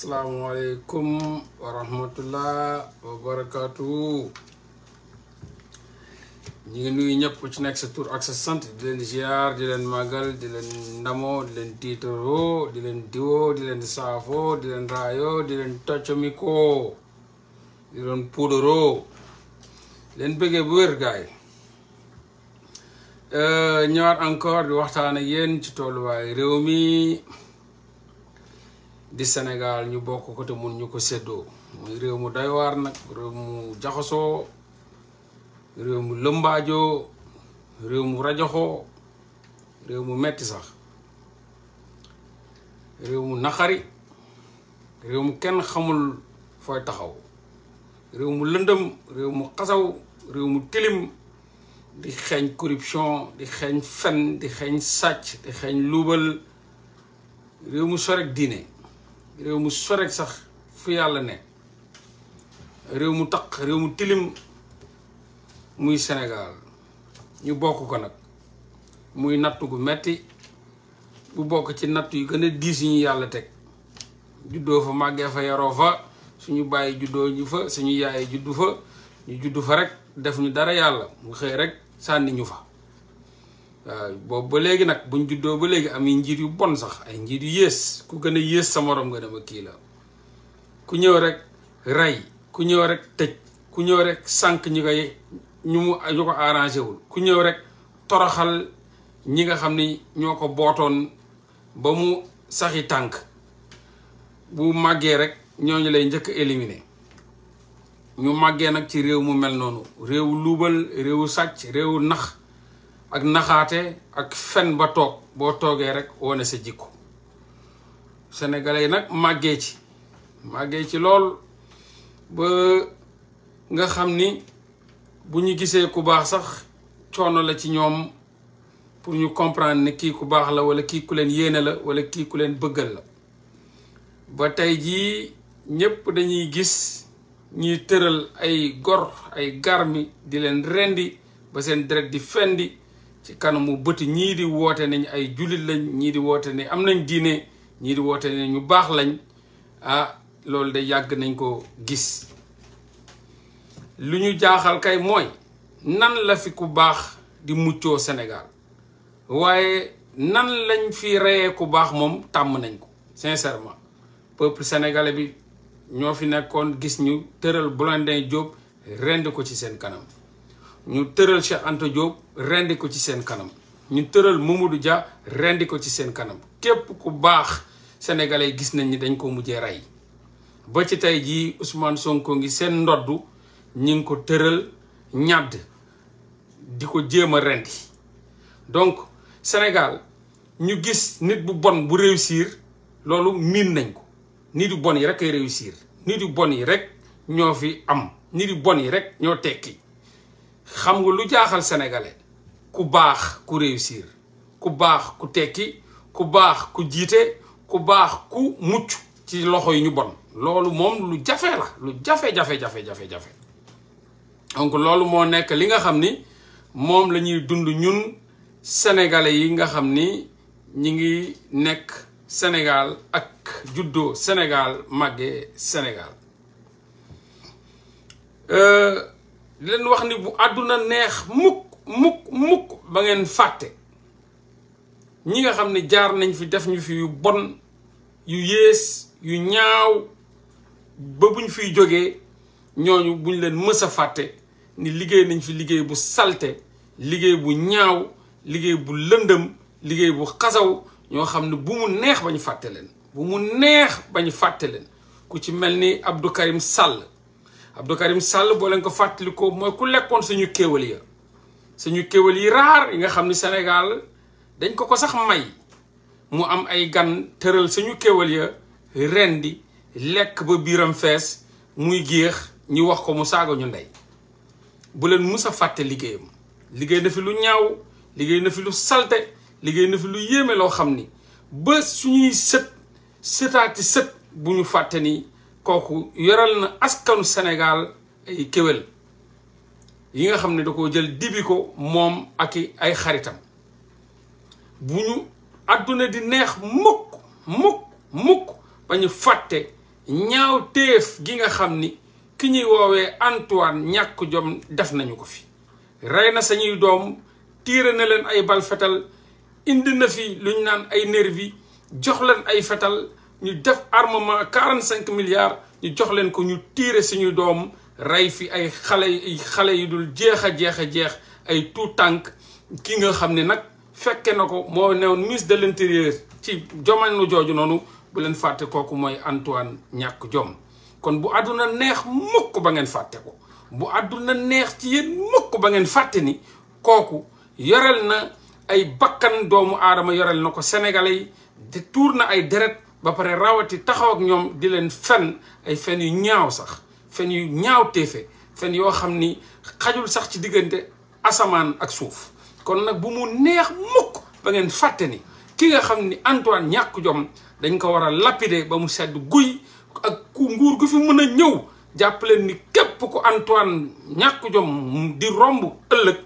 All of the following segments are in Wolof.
Assalamualaikum warahmatullahi wabarakatuh Ñi ngi nuyu ñëpp ci nek sa tour ak sa sante di len ziar di len magal di len ndamoo di len titoro di len diwoo di len safo di len rayo di leen toccomikoo di len pudoro len bëggee bu gaay eh, ñëwaat encore di waxtaan ak yeen ci tolluwaay réew mi di Sénégal ñu bokk ko te mun ñu ko séddoo muy réew mu doy waar nag réew mu jaxasoo réew mu lëmbaajoo réew mu rajoxoo réew mu metti sax réew mu naqari réew mu kenn xamul fooy taxaw réew mu lëndëm réew mu xasaw réew mu tilim di xeeñ corruption di xeeñ fen di xeeñ sàcc di xeeñ luubal réew mu sorek diine réew mu sorek sax fu yàlla ne réew mu taq réew mu tilim muy Sénégal ñu bokk ko nag muy natt gu metti bu bokk ci natt yu gën a diis yi ñu yàlla teg juddoo fa màggee fa yaroo fa suñu bàyyi juddoo ñu fa suñu yaay juddu fa ñu juddu fa rek def ñu dara yàlla mu xëy rek sànniñu fa waaw boobu ba léegi nag buñ juddoo ba léegi am njiit yu bon sax ay njiit yu yées ku gën a yées sa morom nga dama kii la ku ñëw rek rey ku ñëw rek tëj ku ñëw rek sànq ñi koy ñu mu ñu ko arrangé wul ku ñëw rek toroxal ñi nga xam ni ñoo ko bootoon ba mu saxi tànk bu màggee rek ñooñu lay njëkk a éliminé ñu màggee nag ci réew mu mel noonu réewu luubal réewu sàcc réewu nax ak naxaate ak fen ba toog boo toogee rek wone sa jikko sénégalais yi nag màggee ci màggee ci lool ba nga xam ni bu ñu gisee ku baax sax coono la ci ñoom pour ñu comprendre ni kii ku baax la wala kii ku leen yéene la wala kii ku leen bëggal la ba tey jii ñépp dañuy gis ñuy tëral ay gor ay garmi di leen rendi ba seen deret di fendi kanamu bëti ñii di woote nañ ay jullit lañ ñii di woote ne am nañ diine ñii di woote nañ ñu baax lañ ah loolu de yàgg nañ ko gis lu ñu jaaxal kay mooy nan la fi ku baax di muccoo Sénégal waaye nan lañ fi reyee ku baax moom tàmm nañ ko sincèrement pëpp sénégalais bi ñoo fi nekkoon gis ñu tëral Blondin Diop rend ko ci seen kanam ñu teural Cheikh rende Diop rendi ko ci sen kanam ñu teural Mamadou Dia rendi ko ci sen kanam kep ku bax sénégalais gis nañ ni dañ ko mujjé ray ba ci tay ji Ousmane Sonko ngi sen ndoddu ñing ko teural ñad di jema rendi donc Sénégal ñu gis nit bu bon bu réussir lolu min nañ ko nit bu bon yi rek réussir nit bu bon yi rek ño fi am nit bu bon yi rek ño tekki xam nga lu jaaxal sénégalais ku baax ku réussir ku baax ku tekki ku baax ku jiite ku baax ku mucc ci loxo yi ñu bon loolu moom lu jafe la lu jafe-jafe-jafe-jafe-jafe donc loolu moo nekk li nga xam ni moom la ñuy dund ñun sénégalais yi nga xam ni ñi ngi nekk Sénégal ak juddoo Sénégal màggee Sénégal euh, di leen wax ni bu àdduna neex mukk mukk mukk ba ngeen fàtte ñi nga xam ne jaar nañ fi def ñu fi yu bon yu yées yu ñaaw ba buñ fiy jógee ñooñu buñ leen mësa fàtte ni liggéey nañ fi liggéey bu salte liggéey bu ñaaw liggéey bu lëndëm liggéey bu xasaw ñoo xam ne bu mu neex ba ñu fàtte leen bu mu neex ba ñu fàtte leen ku ci mel ni Abdou Karim Sall Abdou Karim Sall boo lañ ko fàttalikoo mooy ku lekkoon suñu kéwal suñu kéwal yi raar yi nga xam ni Sénégal dañ ko ko sax may mu am ay gan tëral suñu kéwal ya rendi lekk ba biiram fees muy géex ñu wax ko mu saaga ñu ndey bu leen mus a fàtte liggéeyam liggéey na fi lu ñaaw liggéey na fi lu salte liggéey na fi lu yéeme loo xam ni ba suñuy sët sëtaati sët bu ñu fàtte ni kooku yoral na askanu senegaal ay kéwél yi nga xam ne da ko jël dibi ko moom ak i ay xaritam bu ñu àdduna di neex mukk mukk mukk ba ñu fàtte ñaaw téef gi nga xam ni ki ñuy woowee Antoine ñàkk jom def nañu ko fi rey na sañuy doom tiire na leen ay bal fetal indi na fi lu ñu naan ay nervi jox leen ay fetal ñu def armement quarante cinq milliards ñu jox leen ko ñu tiire suñu doom rey fi ay xale ay yu dul jeex a jeex a jeex ay tout tànk ki nga xam ne nag fekke na ko moo newoon ministre de l'intérieur ci jamono jooju noonu bu leen fàtte kooku mooy Antoine ñàkk jom kon bu àdduna neex mukk ba ngeen fàtte ko bu àdduna neex ci yéen mukk ba ngeen fàtte ni kooku yorel na ay bakkan doomu aadama yorel na ko sénégalais yi te tuur na ay deret ba pare rawati taxaw ak ñoom di leen fen ay fen yu ñaaw sax fen yu ñaaw téefe fen yoo xam ni xajul sax ci diggante asamaan ak suuf kon nag bu mu neex mukk ba ngeen fàtte ni ki nga xam ni Antoine ñàkk jom dañ ko war a lapider ba mu sedd guy ak ku nguur gu fi mën a ñëw jàpp leen ni képp ko Antoine ñàkk jom di romb ëllëg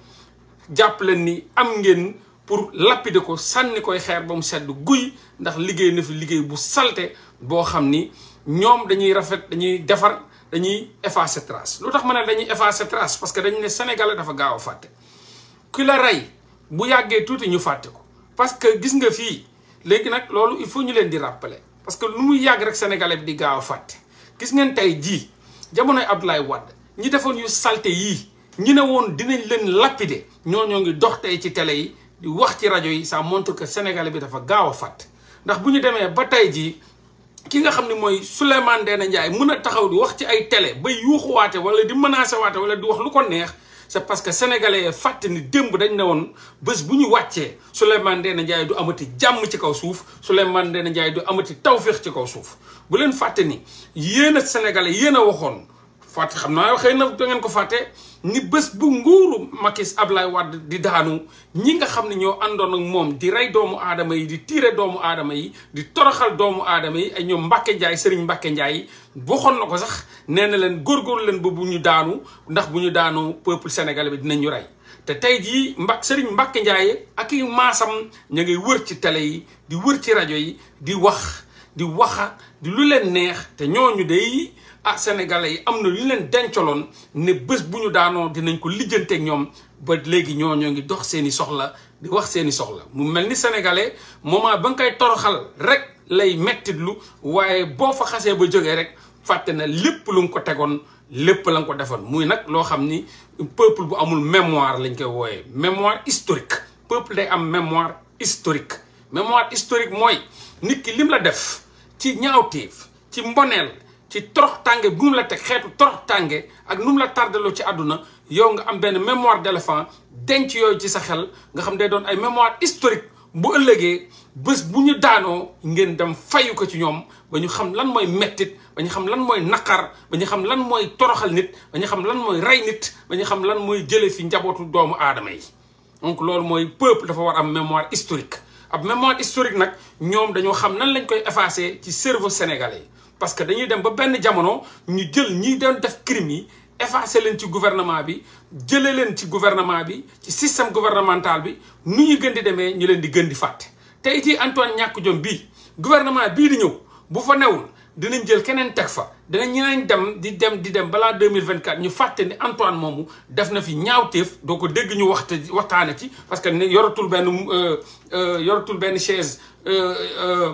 jàpp leen ni am ngeen pour lapider ko sànni koy xeer ba mu sedd guy ndax liggéey na fi liggéey bu salte boo xam ni ñoom dañuy rafet dañuy defar dañuy effacer trace lu tax ma ne dañuy effacer trace parce que dañu ne sénégalais dafa gaaw a fàtte ki la rey bu yàggee tuuti ñu fàtte ko parce que gis nga fii léegi nag loolu il faut ñu leen di rappeler parce que lu muy yàgg rek sénégalais di gaaw a fàtte gis ngeen tey jii jamonoy Abdoulaye Wade ñi defoon yu salte yii ñu ne woon dinañ leen lapider ñoo ñoo ngi dox tey ci télé yi di wax ci rajo yi ça montre que sénégalais bi dafa gaaw a fàtt ndax bu ñu demee ba tey jii ki nga xam ne mooy Souleymane Ndéné Ndiaye mun a taxaw di wax ci ay télé ba yuuxuwaate wala di menacé waate wala di wax lu ko neex c'est parce que sénégalais yi ni démb dañ ne woon bés bu ñu wàccee Souleymane na Ndiaye du amati jàmm ci kaw suuf dee na Ndiaye du amati tawféex ci kaw suuf bu leen fàtte ni yéen a sénégalais yéen a waxoon fàtte xam naa xëy ko fàtte ni bés bu nguuru ab lay Wade di daanu ñi nga xam ne ñoo àndoon ak moom di rey doomu aadama yi di tiire doomu aadama yi di toroxal doomu aadama yi ay ñoom Mbacke Ndiaye sëriñ mbakke Ndiaye waxoon na ko sax nee na leen góorgóorlu leen ba ñu daanu ndax bu ñu daanu peuple sénégalais bi dinañu rey. te tey jii mba Serigne Mbacke Ndiaye ak i maasam ñu ngay wër ci télé yi di wër ci rajo yi di wax di waxa di lu leen neex te ñu day. ah sénégalais yi am na lu leen dencaloon ne bés bu ñu daanoo dinañ ko lijjanteeg ñoom ba léegi ñoo ñoo ngi dox seeni soxla di wax seeni soxla mu mel ni sénégalais moment ba nga koy toroxal rek lay mettitlu waaye boo fa xasee ba jógee rek fàtte na lépp lu nga ko tegoon lépp la nga ko defoon muy nag loo xam ni peuple bu amul mémoire lañ koy wooyee mémoire historique peuple day am mémoire historique mémoire historique mooy nit ki lim la def ci ñaawteef ci mboneel ci torox tànge bu mu la teg xeetu torox tànge ak nu mu la tardaloo ci àdduna yow nga am benn mémoire d'éléphant denc yooyu ci sa xel nga xam day doon ay mémoire historique bu ëllëgee bés bu ñu daanoo ngeen dem fayu ko ci ñoom ba ñu xam lan mooy mettit ba ñu xam lan mooy naqar ba ñu xam lan mooy toroxal nit ba ñu xam lan mooy rey nit ba ñu xam lan mooy jële fi njabootu doomu aadama yi donc loolu mooy peuple dafa war am mémoire historique ab mémoire historique nag ñoom dañoo xam nan lañ koy effacer ci cerveau sénégalais parce que dañuy dem ba benn jamono ñu jël ñi doon def crime yi effacer leen ci gouvernement bi jëlee leen ci gouvernement bi ci système gouvernemental bi nu ñuy gën di demee ñu leen di gën di fàtte. tey jii Antoine ñàkk jom bii gouvernement bii di ñëw bu fa newul dinañ jël keneen teg fa danañ ñeneen dem di dem di dem balaa deux mille 2024 ñu fàtte ni Antoine moomu def na fi ñaawteef doo ko dégg ñu waxta waxtaane ci parce que yoratul benn euh, euh, yoratul benn chaise. Euh,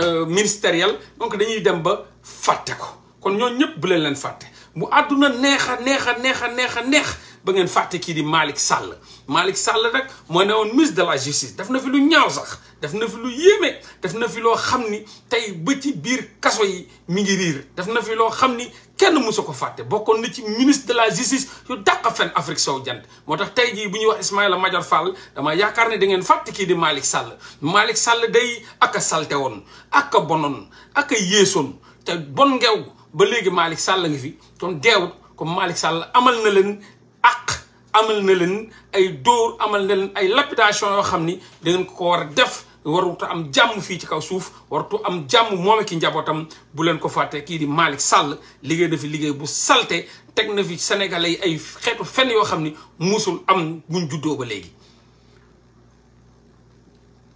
Euh, ministériel donc dañuy dem ba fàtte ko kon ñooñu ñëpp bu leen leen fàtte mu àdduna neex a neex a neex a neex a neex ba ngeen fàtte kii di Malick sàll Malick Sall rek moo ne woon ministre de la justice def na fi lu ñaaw sax def na fi lu yéeme def na fi loo xam ni tey ba ci biir kaso yi mi riir def na fi loo xam ni kenn mësu ko fàtte bokkoon na ci ministre de la justice yu dàq fen Afrique sow jant moo tax tey jii bu ñuy wax Ismaïla Madior Fall dama yaakaar ne da ngeen fàtte kii di Malick Sall Malick Sall day ak a salte woon ak a bonoon ak a yéesoon te bon ngeew ba léegi Malick Sall ngi fi kon deewut comme Malick Sall amal na leen àq amal na leen ay dóor amal na leen ay lapidation yoo xam ni da ngeen ko war a def warut am jàmm fii ci kaw suuf wartu am jàmm moom njabootam bu leen ko fàttee kii di Malick sàll liggéey na fi liggéey bu salte teg na fi sénégalais yi ay xeetu fenn yoo xam ni musul am buñ juddoo ba léegi.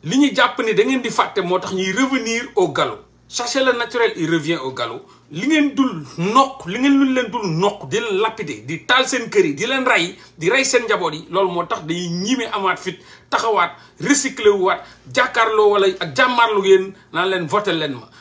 li ñu jàpp ni da ngeen di fàtte moo tax ñuy revenir o galop chercher le naturel il revient au galop li ngeen dul nokk li ngeen lu leen dul nokk di leen di taal seen kër yi di leen rey di rey seen njaboot yi loolu moo tax dañuy ñime amaat fit taxawaat recycler wu waat jàkkaarloo wala ak jàmmaarlu ngeen naan leen voté leen ma.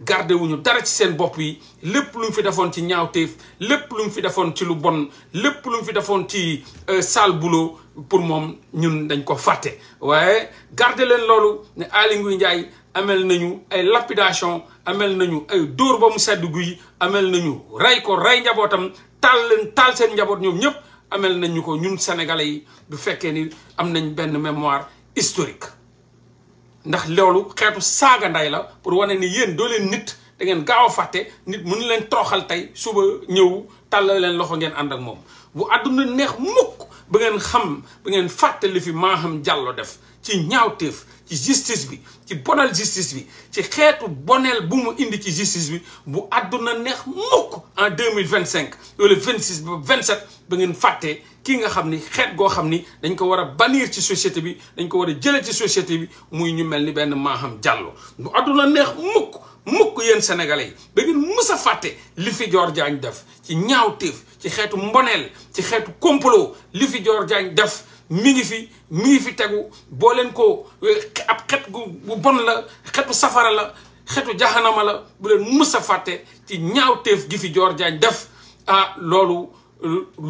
Gardez-vous, dara ci seen bopp yi lépp lu fi ci ñaawteef lépp lu fi lu bon euh, boulot pour ñun dañ ko garde len lolu ne ali amel nañu ay lapidation amel nañu ay dor ba mu amel nañu ray ko ray amel nañu ko ñun sénégalais yi ni mémoire historique ndax loolu xeetu saaga nday la pour wane ni yéen doo leen nit da ngeen gaaw a fàtte nit mu mënu leen tooxal tey suba ñëw tàllal leen loxo ngeen ànd ak moom bu àdduna neex mukk ba ngeen xam ba ngeen fàtte li fi Maham Diallo def ci ñaaw ñaawteef ci justice bi ci bonal justice bi ci xeetu bonel bu mu indi ci justice bi bu àdduna neex mukk en deux mille vingt cinq wala vingt six ba vingt sept ba ngeen fàttee kii nga xam ni xeet goo xam ni dañ ko war a bannir ci société bi dañ ko war a jëlee ci société bi muy ñu mel ni benn Maham Diallo bu àdduna neex mukk mukk yéen sénégalais yi ba ngeen mës a fàtte li fi Dior Diagne def ci ñaaw ñaawteef ci xeetu mboneel ci xeetu complot li fi Dior Diagne def mi ngi fi mi ngi fi tegu boo leen ko eh, ab xet gu bu bon la xetu safara la xetu jaxanama la bu leen mus a fàtte ci ñaaw ñaawteef gi fi Dior Diagne def ah loolu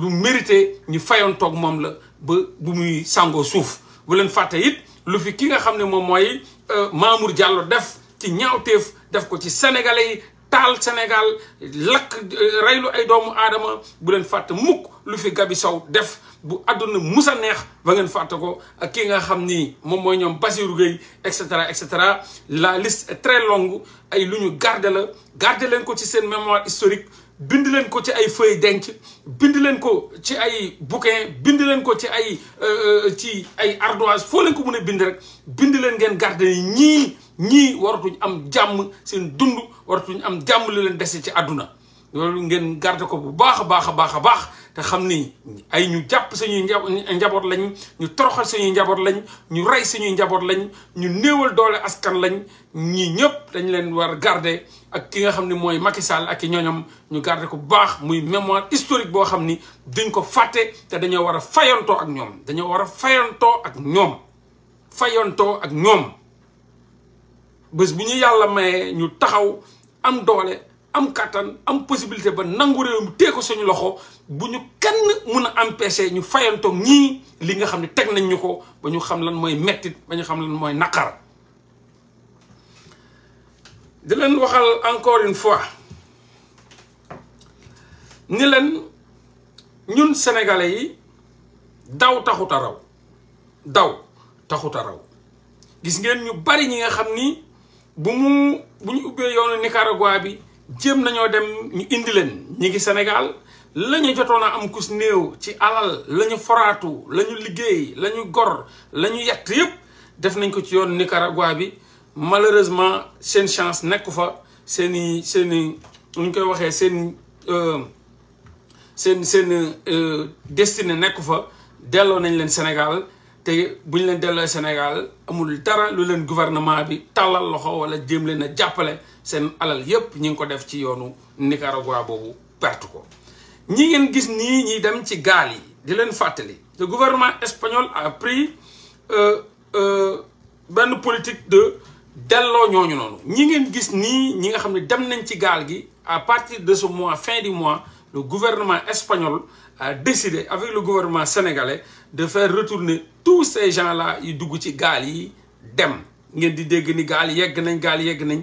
lu mérité ñu fayoon toog moom la ba bu muy sàngoo suuf bu leen fàtte it lu fi ki nga xam ne moom mooy eh, Mamour Diallo def ci ñaawteef def ko ci sénégalais yi taal Sénégal lakk euh, reylu ay doomu aadama bu leen fàtte mukk lu fi Gabi Sow def bu àdduna musa neex ba ngeen fàtte ko ak ki nga xam ni moom mooy ñoom Basirou Gueye et cetera et cetera la liste est très longue ay lu ñu garder la garder leen ko ci seen mémoire historique bind leen ko ci ay feuille denc bind leen ko ci ay bouquin bind leen ko ci ay euh, euh, ci ay ardoise foo leen ko mun a bind rek bind leen ngeen garder ñii ñii waratuñ am jàmm seen dund waratuñ am jàmm li leen dese ci àdduna loolu ngeen garder ko bu baax a baax a baax a baax te xam ni ay ñu jàpp suñuy njaboot lañ ñu toroxal suñuy njaboot lañ ñu rey suñuy njaboot lañ ñu néewal doole askan lañ ñii ñëpp dañ leen war garder ak ki nga xam ne mooy Macky ak i ñooñam ñu garder ko bu baax muy mémoire historique boo xam ni duñ ko fàtte te dañoo war a fayantoo ak ñoom dañoo war a fayantoo ak ñoom fayantoo ak ñoom bës bu ñu yàlla mayee ñu taxaw am doole am kàttan am possibilité ba nangu réew mi tee suñu loxo bu ñu kenn mun a empêcher ñu fayantoog ñii li nga xam ne teg nañ ñu ko ba ñu xam lan mooy mettit ba ñu xam lan mooy naqar di leen waxal encore une fois ni leen ñun sénégalais yi daw taxut a raw daw taxut a raw gis ngeen ñu bari ñi nga xam ni bu mu bu ñu ubbee yoonu Nicaragua bi jéem nañoo dem ñu indi leen ñi ngi Sénégal lañu ñu jotoon a am kus néew ci alal la ñu foraatu la ñu liggéey lañu gor la ñu yett yëpp def nañ ko ci yoonu Nicaragua bi malheureusement seen chance nekku fa seen i seen i ñu koy waxee seen euh, seen seen euh, destiné nekku fa delloo nañ leen Sénégal té bu ñu leen delloo Sénégal amul dara lu leen gouvernement bi talal loxo wala jëm leen a jàppale seen alal yépp ñing ko def ci yoonu Nicaragua bobu perte ko ñi ngeen gis ni ñi dem ci gal yi di leen fàttali le gouvernement espagnol a pris euh euh ben politique de delloo ñoñu noonu ñi ngeen gis ni ñi nga xam dem nañ ci gal gi à partir de ce mois fin du mois le gouvernement espagnol a décidé avec le gouvernement sénégalais de faire retourner tous ces gens-là yu dugg ci gal yi dem ngeen di dégg ni gali. yegg nañ gal yegg nañ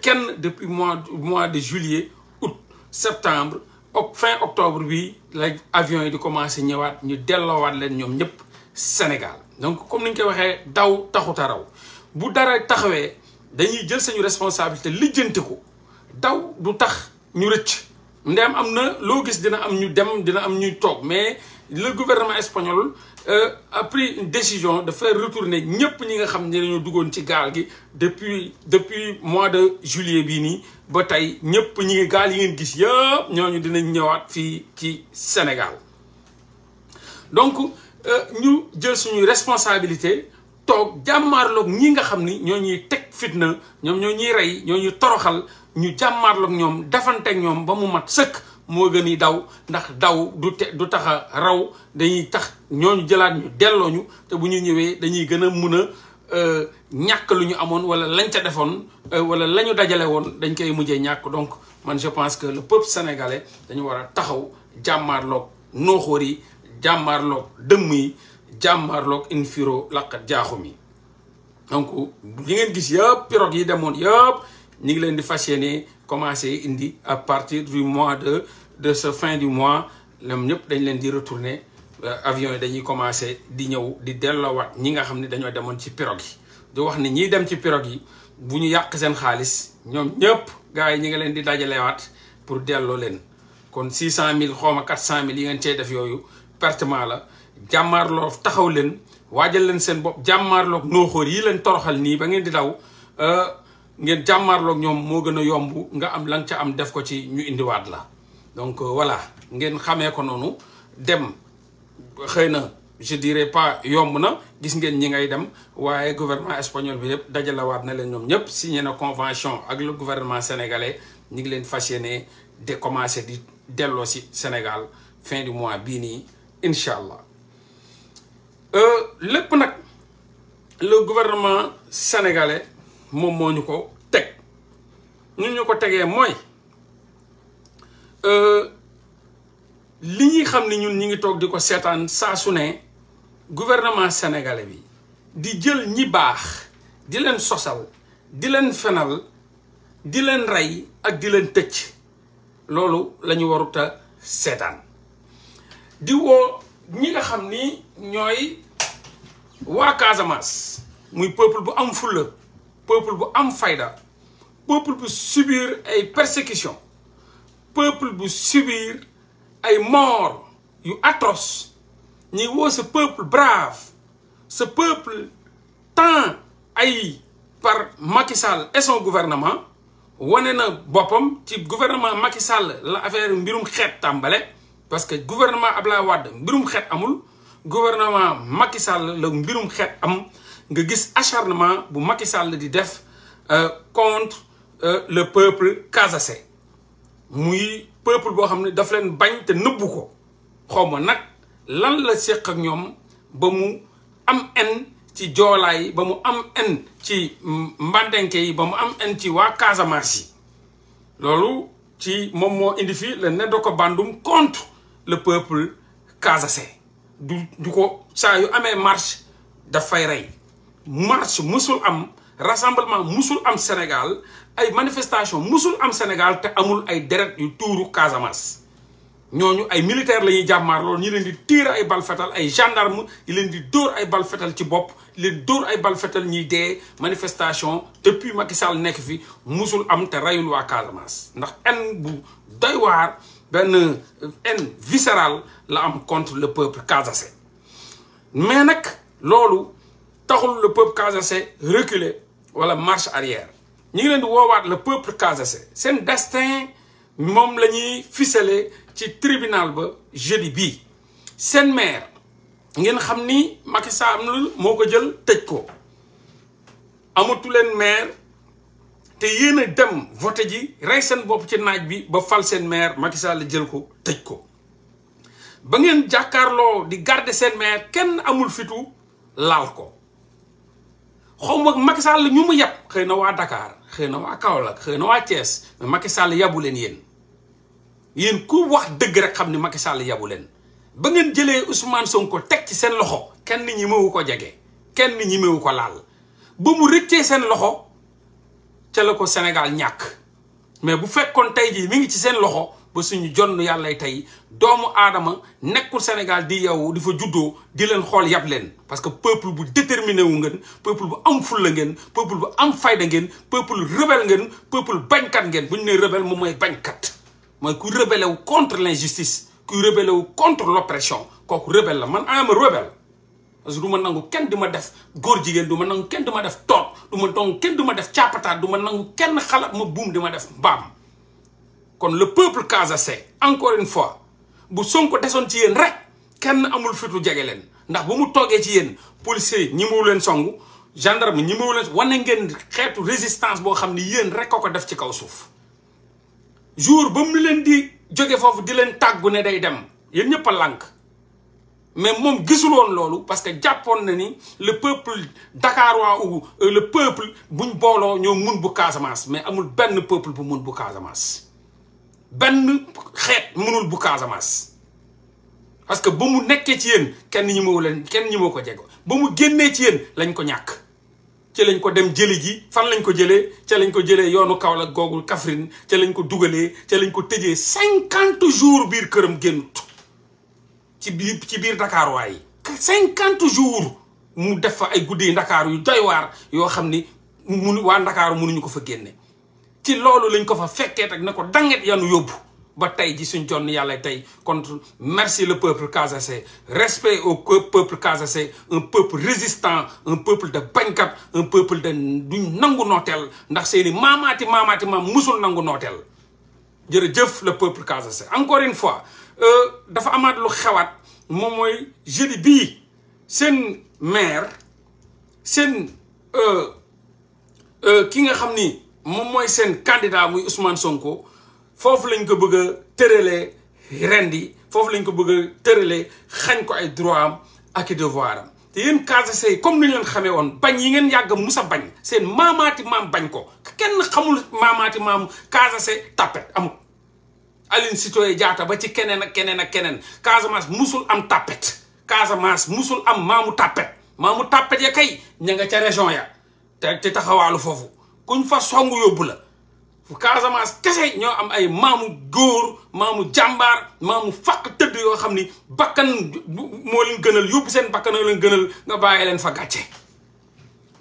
kenn depuis mois mois de juillet août septembre fin octobre bi avion yi commencé ñëwaat ñu Sénégal donc comme daw raw bu dara dañuy jël responsabilité ko daw du tax ñu ndem am na loo gis dina am ñu dem dina am ñuy toog mais le gouvernement espagnol euh, a une décision de faire retourner ñëpp ñi nga xam ne ñoo duggoon ci gaal gi depuis depuis mois de juillet bii nii ba tey ñëpp ñi ngi gaal yi ngeen gis yëpp ñooñu dinañ ñëwaat fii ci Sénégal donc euh, ñu jël suñuy responsabilité toog jàmmaarloog ñi nga xam ni ñoo ñuy teg fitna ñoom ñoo ñuy rey ñoo ñuy toroxal ñu jàmmaarloog ñoom defanteeg ñoom ba mu mat sëkk moo gën yi daw ndax daw du te du taxa raw dañuy tax ñooñu jëlaat ñu delloo ñu te bu ñu ñëwee dañuy gën a mun a euh, ñàkk lu ñu amoon wala lañ ca defoon euh, wala lañu dajale woon dañ koy mujjee ñàkk donc man je pense que le peuple sénégalais dañu war a taxaw jàmmaarloog nooxóor yi jàmmaarloog dëmm yi jàmmaarloog infiro laqat jaaxum yi donc li ngeen gis yëpp pirogue yi demoon yëpp ñi ngi leen di fas yéene commencé indi à partir du mois de de ce fin du mois ñoom ñëpp dañ leen di retourner euh, avion yi dañuy commencé di ñëw di delloowaat ñi nga xam ne dañoo demoon ci pirogue yi wax ni ñiy dem ci pirogue yi bu ñu yàq seen xaalis ñoom ñëpp gars yi ñi ngi leen di dajalewaat pour delloo leen kon 600000 xooma 400000 yi ngeen cee def yooyu pertement la jàmmaarloo taxaw leen waajal leen seen bopp jàmmaarlook nooxóor yi leen toroxal nii ba ngeen di daw euh, ngeen jàmmaarloog ñoom moo gën a yomb nga am la nga ca am def ko ci ñu indiwaat la donc euh, voilà ngeen xamee ko noonu dem xëy na je dirais pas yomb na gis ngeen ñi ngay dem waaye gouvernement espagnol bi yëpp dajalawaat na leen ñoom ñëpp signé na convention ak le gouvernement sénégalais ñi ngi leen fas yéene de commencer di delloo si Sénégal fin du mois bii nii incha allah euh, lépp nag le gouvernement sénégalais. moom moo ñu ko teg ñun ñu ko tegee mooy euh, li ñuy xam ni ñun ñu ngi toog di ko seetaan saa su ne gouvernement sénégalais bi di jël ñi baax di leen sosal di leen fenal di leen rey ak di leen tëcc loolu lañu ñu warut seetaan di woo ñi nga xam ni ñooy waa Casamance muy peuple bu am fulla peuple bu am fayda peuple bu subir ay persécutions peuple bu subir ay morts yu atroces ni ce peuple brave ce peuple tant ay par Macky Sall et son gouvernement wane na boppam ci gouvernement Macky Sall la affaire mbirum xet tambalé parce que gouvernement Abdoulaye Wade mbirum xet amul gouvernement Macky Sall le mbirum xet am nga gis acharnement bu Macky Sall di def euh, contre euh, le peuple casacé muy peuple bo xam daf leen bañ té neubou ko xawma nak lan la sékk ak ñom ba mu am en ci joolaa ba mu am en ci mbandenké yi ba mu am en ci wa Casamance lolu ci mom mo indi fi le Nedoko bandum contre le peuple casacé du du ko saa yu amé marche da fay ray marche musul am rassemblement musul am Sénégal ay manifestation musul am Sénégal te amul ay deret yu tuuru Casamance ñoñu ay militaire la jamar lool ñi leen di tirer ay bal fetal ay gendarme yi leen di dor ay bal fetal ci bop leen dor ay bal fetal ñi dé manifestation depuis Macky Sall nekk fi musul am te rayul wa Casamance ndax en bu doy ben viscérale la am contre le peuple kazase mais nak lolu le peuple reculé reculer wala marche arrière Nous ngi leen le peuple C'est un destin mom la ficelé tribunal ba jeudi C'est maire ngeen xamni Macky Sall jël ko maire dem voté ji ci naaj bi ba fal maire Macky Sall jël ko ko ba ngeen di garder maire kenn amul fitu xaw ma Macky Sall ñu mu yab xëy na waa dakaar xëy na waa Kaolack xëy na waa Thiès mais Macky yabu leen yéen yéen ku wax dëgg rek xam ni Macky Sall yabu leen ba ngeen jëlee Ousmane Sonko teg ci seen loxo kenn ñi mewu ko jege kenn ñi mewu ko laal ba mu rëccee seen loxo ca la ko Sénégal ñàkk mais bu fekkoon tey jii mi ngi ci seen loxo. ba suñu jonn yàllay tey doomu aadama nekkul Sénégal di yow di fa juddoo di leen xool yab leen parce que peuple bu déterminé wu ngeen peuple bu am fulla ngeen peuple bu am fayda ngeen peuple rebelle ngeen peuple bañkat ngeen bu ñu nee rebelle moom mooy bañkat mooy ku rebelle wu contre l'injustice ku rebelle wu contre l'oppression kooku rebelle la man am rebelle parce que du ma nangu kenn di ma def góor jigéen du ma nangu kenn di ma def toot du ma nangu kenn di ma def càppataat du ma nangu kenn xalaat ma buum di ma def mbaam kon le peuple casaçais encore une fois bu Sonko desoon ci yéen rek kenn amul fitu jege leen ndax bu mu toogee ci yéen policiers ñi mu leen songu gendarme ñi mu leen wané ngeen xétu résistance bo xamni ni rek koko def ci kaw suuf jour ba mu di jóge fofu di leen tàggu né day dem yéen ñëpp a mais mom gisul won lolu parce que jàppoon na ni le peuple dakarois ou euh, le peuple buñ bolo ñoo mën bu Casamance mais amul benn peuple bu mën bu Casamance benn xeet mënul bu Casamance parce que ba mu nekkee ci yéen kenn ñi moo leen kenn ñi moo ko jego ba mu génnee ci yéen lañ ko ñàkk ci lañ ko dem jëli ji fan lañ ko jëlee ca lañ ko jëlee yoonu Kaolack googul Kaffrine ca lañ ko dugalee ca lañ ko tëjee cinquante jours biir këram génnut ci biir ci biir ndakaaruwaay waaye cinquante jours mu def fa ay guddi Ndakaaru yu doy waar yoo xam ni mun waa Ndakaaru mënuñu ko fa génne ci loolu lañ ko fa fekkee rek ne ko danget yanu yóbbu ba tey ji suñ jonn yàlla tey contre merci le peuple casacé respect au peuple casacé un peuple résistant un peuple de bañkat un peuple de duñ nangu nooteel ndax seeni maamaati maamaati maam musul nangu nooteel jërëjëf le peuple casacé encore une fois euh, dafa amaat lu xewat moom mooy jeudi bii seen maire seen euh, euh, ki nga xam ni moom mooy seen candidat muy Ousmane Sonko foofu lañ ko bëgg a tëralee rendi foofu lañ ko bëgg a xañ ko ay droit am ak i devoir am te yéen comme ni ñu xamee woon bañ yi ngeen yàgg musa bañ seen maamaati maam bañ ko kenn xamul maamaati maam Casamançais tapet amul Aline Sitoé Diatta ba ci keneen ak keneen ak keneen Casamance musul am tapet Casamance musul am maamu tapet maamu tapet ya kay ña nga ca région ya te te taxawaalu foofu kuñ fa songu yóbbu la fu Casamance kese ñoo am ay maamu góor maamu jàmbaar maamu fàq tëdd yoo xam ni bakkan moo leen gënal yóbbu seen bakkanoo moo leen gënal nga bàyyi leen fa gàcce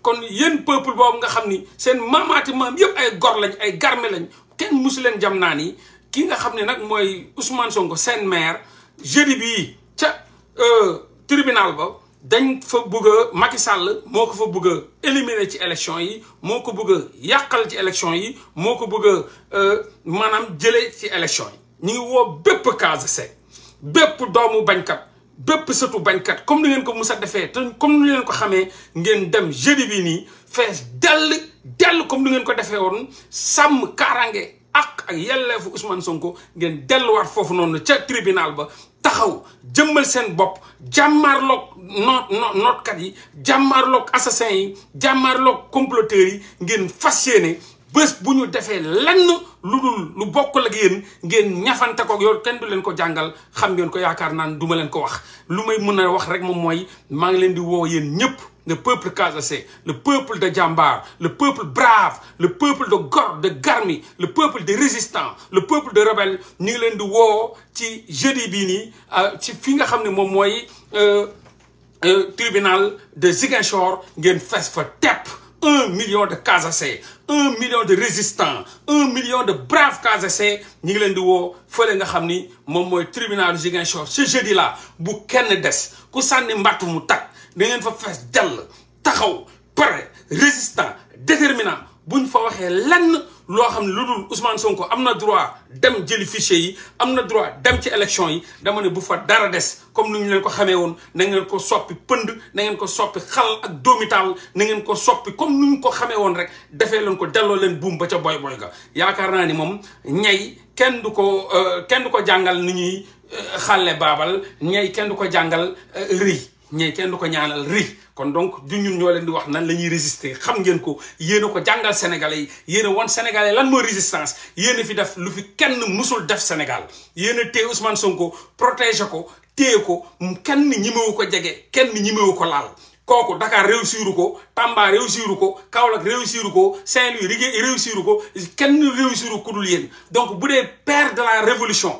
kon yéen peuple boobu nga xam ni seen maamaati maam yëpp ay gor lañ ay garme lañ kenn musu leen jam naa ni ki nga xam ne nag mooy Ousmane Sonko seen maire jeudi bii ca euh, tribunal ba dañ fa bëgg a Macky Sall moo ko fa bëgg a éliminer ci élection yi moo ko bëgg yàqal ci élection yi moo ko bëgg a euh, maanaam jëlee ci élection yi ñu ngi woo bépp case sec bépp doomu bañkat bépp sëtu bañkat comme ni ngeen ko sa defee te comme ni ngeen ko xamee ngeen dem jeudi bi nii fees dell dell comme ni ngeen ko defee woon sàmm kaaraange ak ak yelleefu Ousmane Sonko ngeen delluwaat foofu noonu ca tribunal ba taxaw jëmmal seen bopp jàmmaarloog no nootkat yi jàmmaarloog assassin yi jàmmaarloog comploteur yi ngeen fas yéene bés bu ñu defee lenn lu dul lu bokkul ak yéen ngeen ñafante ko yow kenn du leen ko jàngal xam ngeen ko yaakaar naan duma leen ko wax lu may mën a wax rek moom mooy maa ngi leen di woo yéen ñëpp le peuple kazassé, le peuple de Djambar, le peuple brave, le peuple de Gord, de Garmi, le peuple des résistants, le peuple de rebelles nous ngi leen di ci jeudi bini nii euh, ci fi nga euh, euh, tribunal de Ziguinchor ngeen fess fa un million de kazacé, un million de résistants un million de braves kazacé Nous ngi leen di woo nga tribunal de Ziguinchor ce jeudi là bu kenn des ku sanni mbattu mu tak da ngeen fa fees dell taxaw pare résistant déterminant buñ fa waxee lenn loo xam ne lu dul Ousmane Sonko am na droit dem jëli fichier yi am na droit dem ci élection yi dama ne bu fa dara des comme nu ñu leen ko xamee woon na ngeen ko soppi pënd nangeen ko soppi xal ak dóomitaal na ngeen ko soppi comme nu ñu ko xamee woon rek defee leen ko delloo leen buum ba ca boy boy ga yaakaar naa ni moom ñay kenn du ko euh, kenn du ko jàngal ni ñuy euh, xàlle baabal ñay kenn du ko jàngal euh, rëy ñee kenn ko ñaanal ri kon donc du ñun ñoo leen di wax nan lañuy résister xam ngeen ko yéen ko jàngal sénégalais yi yéen sénégalais lan mooy résistance yéen a fi def lu fi kenn musul def Sénégal yéen a téye Ousmane Sonko protéger ko téye ko kenn ñimewu ko jege kenn ñimewu ko laal. kooku Dakar réussiru ko Tamba réussiru ko Kaolack réussiru ko Saint-Louis réussiru ko kenn réussiru ku yéen donc bu dee père de la révolution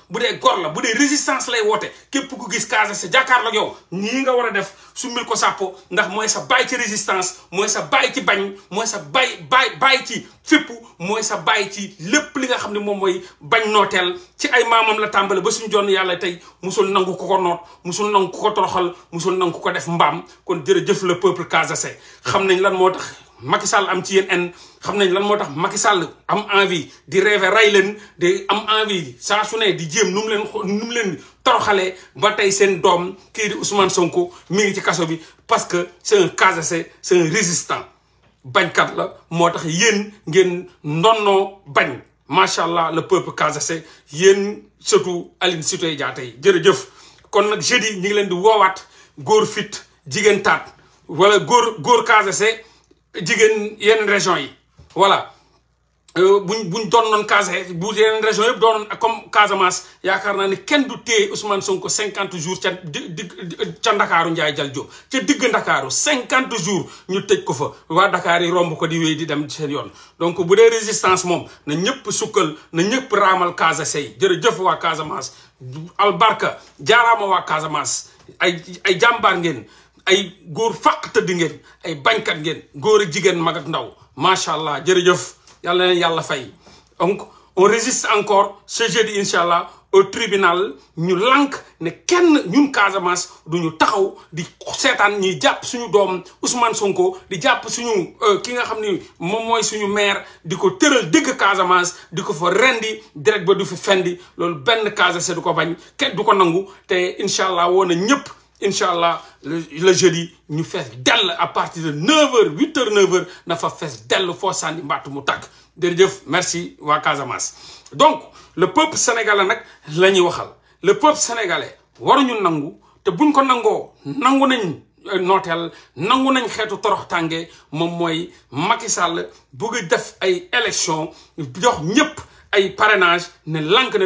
bu dee gor la bu dee résistance lay woote képp ku gis Casa sa jàkkaar la yow nii nga war a def summil ko sàppo ndax mooy sa bàyyi ci résistance mooy sa bàyyi ci bañ mooy sa bàyyi bàyyi bàyyi ci fépp mooy sa bàyyi ci lépp li nga xam ne moom mooy bañ nooteel ci ay maamam la tàmbale ba suñu jonn yàlla tey musul nangu ko ko noot musul nangu ko ko toroxal musul nangu ko def mbaam kon jërëjëf la peuple Casa xam nañ lan moo tax Macky Sall am ci yéen en xam nañ lan moo tax Macky Sall am envie di rêver ray leen di am envie saa su ne di jéem nu mu leen nu mu leen toroxalee ba tey seen doom kii di Ousmane Sonko mi ngi ci kaso bi parce que c'est un casacé c'est un résistant bañkat la moo tax yéen ngeen ndonnoo bañ macha allah le peuple casacé yéen surtout Aline Sitoé Diatta jërëjëf kon nag jeudi ñu ngi leen di woowaat góor fit jigéen taat wala góor góor casacé jigéen yenn région yi voilà euh, buñ buñ doonoon Casa bu yeneen région yëpp doonoon comme Casamance yaakaar naa ni kenn du téye Ousmane Sonko cinquante jours ca di ca Ndakaaru Ndiaye Jal ca digg Ndakaaru cinquante jours ñu tëj ko fa waa Dakar romb ko di wéy di dem seen yoon donc bu dee résistance moom na ñëpp sukkal na ñëpp raamal Casa sey jërëjëf waa Casamance albarka jaaraama waa Casamance ay ay jàmbaar ngeen ay góor fàq tëdd ngeen ay bañkat ngeen góor ak jigéen mag ndaw macha allah jërëjëf yàlla leen yàlla fay donc on résiste encore ce jeudi incha allah au tribinal ñu lànk ne kenn ñun Casamance du ñu taxaw di seetaan ñi jàpp suñu doom Ousmane Sonko di jàpp suñu euh, ki nga xam ni moom mooy suñu maire di ko tëral dëgg Casamance di ko fa rendi direct ba du fi fendi loolu benn Casa du ko bañ kenn du ko nangu te incha allah woon na ñëpp. Inch'Allah, le jeudi nous faisons d'elle à partir de 9h 8h 9h nous faisons fees dell foo merci donc le peuple sénégalais nag le peuple sénégalais nous nangu nous nañ euh, torox Sall bëgg def ay jox ñëpp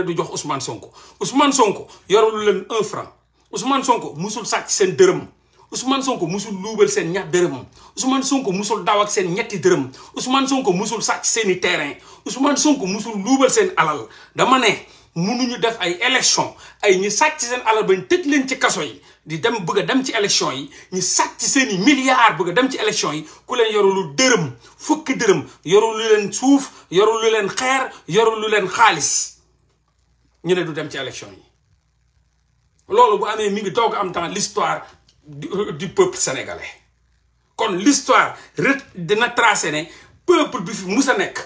du Ousmane Sonko Ousmane Sonko 1 franc. Ousmane Sonko musul sàcc seen dërëm Ousmane Sonko musul luubal seen ñaar dërëm Ousmane Sonko musul daw ak seen ñetti dërëm Ousmane Sonko musul sàcc seen i terrain Ousmane Sonko musul luubal seen alal dama ne mënuñu def ay élection ay ñu sàcc seen alal bañ tëj leen ci kaso yi di dem bëgg dem ci élection yi ñu sàcc seen i milliards bëgg a dem ci élection yi ku leen yoru lu dërëm fukki dërëm yoru lu leen suuf yoru lu leen xeer yoru lu leen xaalis ñu du dem ci élection yi loolu bu amee mi ngi doog am dans l'histoire euh, du peuple sénégalais kon l'histoire dina tracé ne peuple bi fi mus a nekk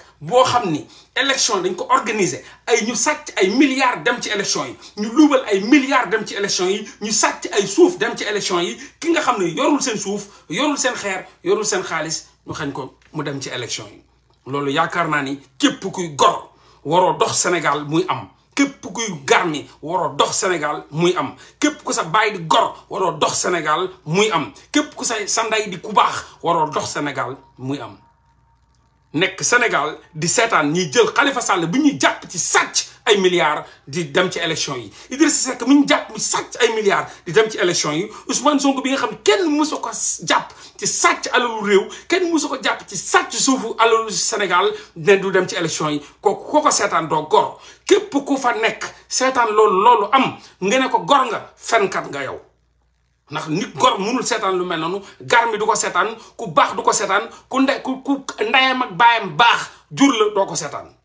ni élection dañ ko organiser ay ñu sàcc ay milliards dem ci élection yi ñu luubal ay milliards dem ci élection yi ñu sàcc ay suuf dem ci élection yi ki nga xam ne yorul seen suuf yorul seen xeer yorul seen xaalis ñu xañ ko mu dem ci élection yi loolu yaakaar ni képp kuy gor waroo dox Sénégal muy am képp kuy garmi waroo dox senegal muy am képp ku sa baay di gor waroo dox senegal muy am képp ku sa sa di ku baax waroo dox senegal muy am nekk senegal di seetaan ñiy jël xalifa Sall bu ñuy jàpp ci sàcc ay milliards di dem ci élection yi Idrissa Seck mi ñu jàpp mu sàcc ay milliards di dem ci élection yi Ousmane Sonko bi nga xam ne kenn mësu ko jàpp ci sàcc alalu réew kenn mësu ko jàpp ci sàcc suufu alalu Sénégal ne du dem ci élection yi kooku koo ko seetaan doo gor képp ku fa nekk seetaan loolu loolu am nga ne ko gor nga fenkat nga yow ndax nit gor mënul seetaan lu mel noonu gar mi du ko seetaan ku baax du ko seetaan ku nde ku ku ndeyam ak baayam baax jur la doo ko seetaan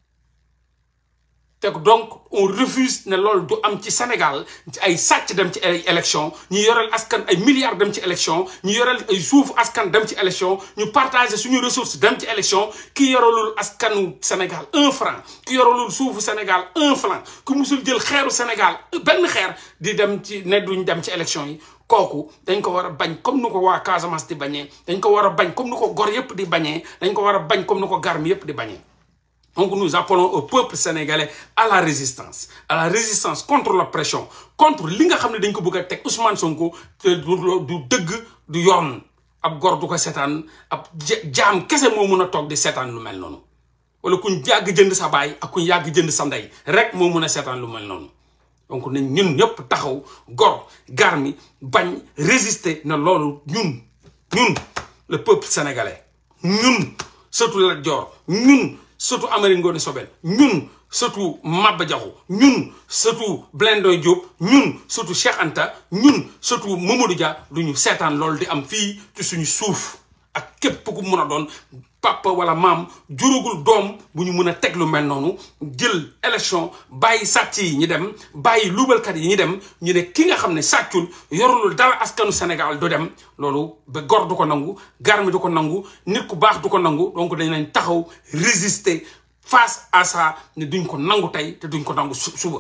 donc on refuse ne loolu du am ci Sénégal ci ay sàcc dem ci ay élection ñu yoreel askan ay milliards dem ci élection ñu yoreel ay souf askan dem ci élection ñu partager suñu ressources dem ci élection ki yoralul askanu Sénégal 1 franc ki yoralul souf Sénégal 1 franc ku musul jël xeeru Sénégal ben xéer di dem ci ne dem ci élection yi koku dañ ko wara bañ comme nuko wa Casamance di bañé dañ ko wara bañ comme nuko gor yépp di bañé dañ ko wara bañ comme nuko ko garmi yëpp di bañé donc nous appelons au peuple sénégalais à la résistance à la résistance contre la pression contre li nga xam de dañ Ousmane Sonko du deg, du yon, ab góor du ko c'est ab jaam kese moo mouna tok di seetaan lu mel nonou. wala kuñ yàgg jënd sa baay ak kuñ yàgg jënd rek mel nonou. donc nous, ñun nous, nous, gor, garmi bañ résister nous, nous, nous. Nous, le peuple sénégalais ñun surtout le Dior nous. surtout Amari Ngoone Sobel ñun surtout Maba Jaxu ñun surtout Blendoy Diop ñun surtout Cheikh Anta ñun surtout Mamadou Dia du ñu seetaan loolu di am fii ci suñu suuf ak képp ku mun a doon papa wala Mam, Djurugul Dom, buñu mëna mën lu mel noonu jël élection bàyyi sàcc ñi dem bàyyi luubalkat yi ñi dem ñu ne ki nga ne yorulul dara askanu Sénégal du dem loolu be gor du ko nangu garmi du nangu nit ku bax du nangu donc dañ taxaw résister face à ça ne duñ ko nangu tay te duñ ko nangu suba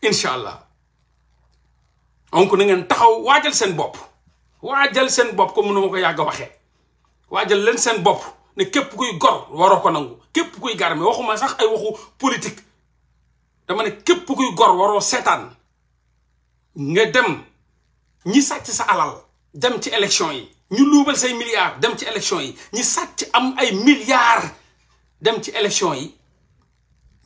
inshallah allah donc na ngeen taxaw waajal sen bop waajal sen bop comme nu ko yàgg waajal ne képp kuy gor waroo ko nangu képp kuy garmi waxuma sax ay waxu politique dama ne képp kuy gor waroo seetaan nga dem ñi sàcc sa alal dem ci élection yi ñu luubal say milliards dem ci élection yi ñi sàcc am ay milliards dem ci élection yi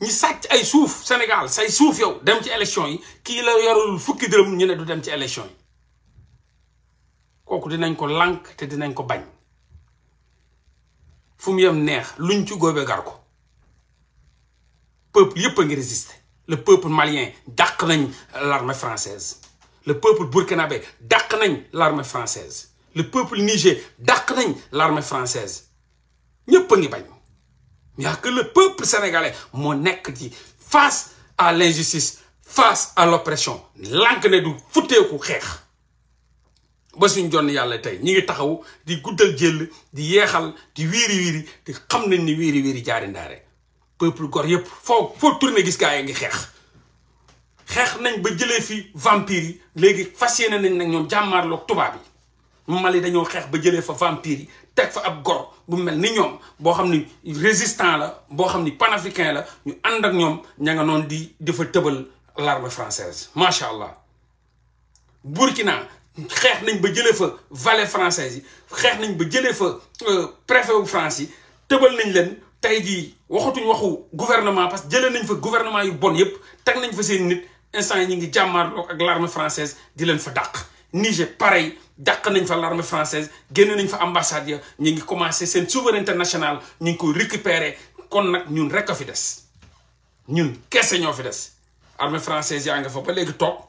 ñi sàcc ay suuf Sénégal say suuf yow dem ci élection yi kii la yorul fukki dërëm ñu ne du dem ci élection yi kooku dinañ ko lànk te dinañ ko bañ fu mu yem luñ ci peuple ne a résister le peuple malien d'accord, l'armée française le peuple burkinabé d'accord, l'armée française le peuple niger d'accord, l'armée française ñëpp a Il n'y a que le peuple sénégalais mon nekk dit face à l'injustice face à l'oppression L'enquête ne du futteeku ba suñ jonn yàlla tey ñi ngi taxaw di guddal jël di yeexal di wiiri wiiri di xam nañ ni wiiri wiiri jaari ndaare peuple gor yëpp foo foo tourné gis yi ngi xeex xeex nañ ba jëlee fi vampire yi léegi fas yéene nañ nag ñoom jàmmaarloog tubaab yi Mali dañoo xeex ba jëlee fa vampire teg fa ab gor bu mel ni ñoom boo xam ni résistant la boo xam ni panafricain la ñu ànd ak ñoom ña nga noonu di dafa tëbal l'armée française macha allah Burkina xeex nañ ba jëlee fa valet français yi xeex nañ ba jëlee fa euh, préfet wu France yi tëbal nañ leen tey jii waxatuñ waxu gouvernement parce que jëlee nañ fa gouvernement yi bon yépp teg nañ fa seen nit instant yi ñu ngi jàmmaarloo ak l'armée française di leen fa dàq Niger pareil dàq nañ fa l'armée française génn nañ fa ambassade ya ñu ngi commencé seen souveraineté nationale ñu ngi ko récupérer kon nag ñun rek a fi des ñun kese ñoo fi des armée française yaa nga léegi toog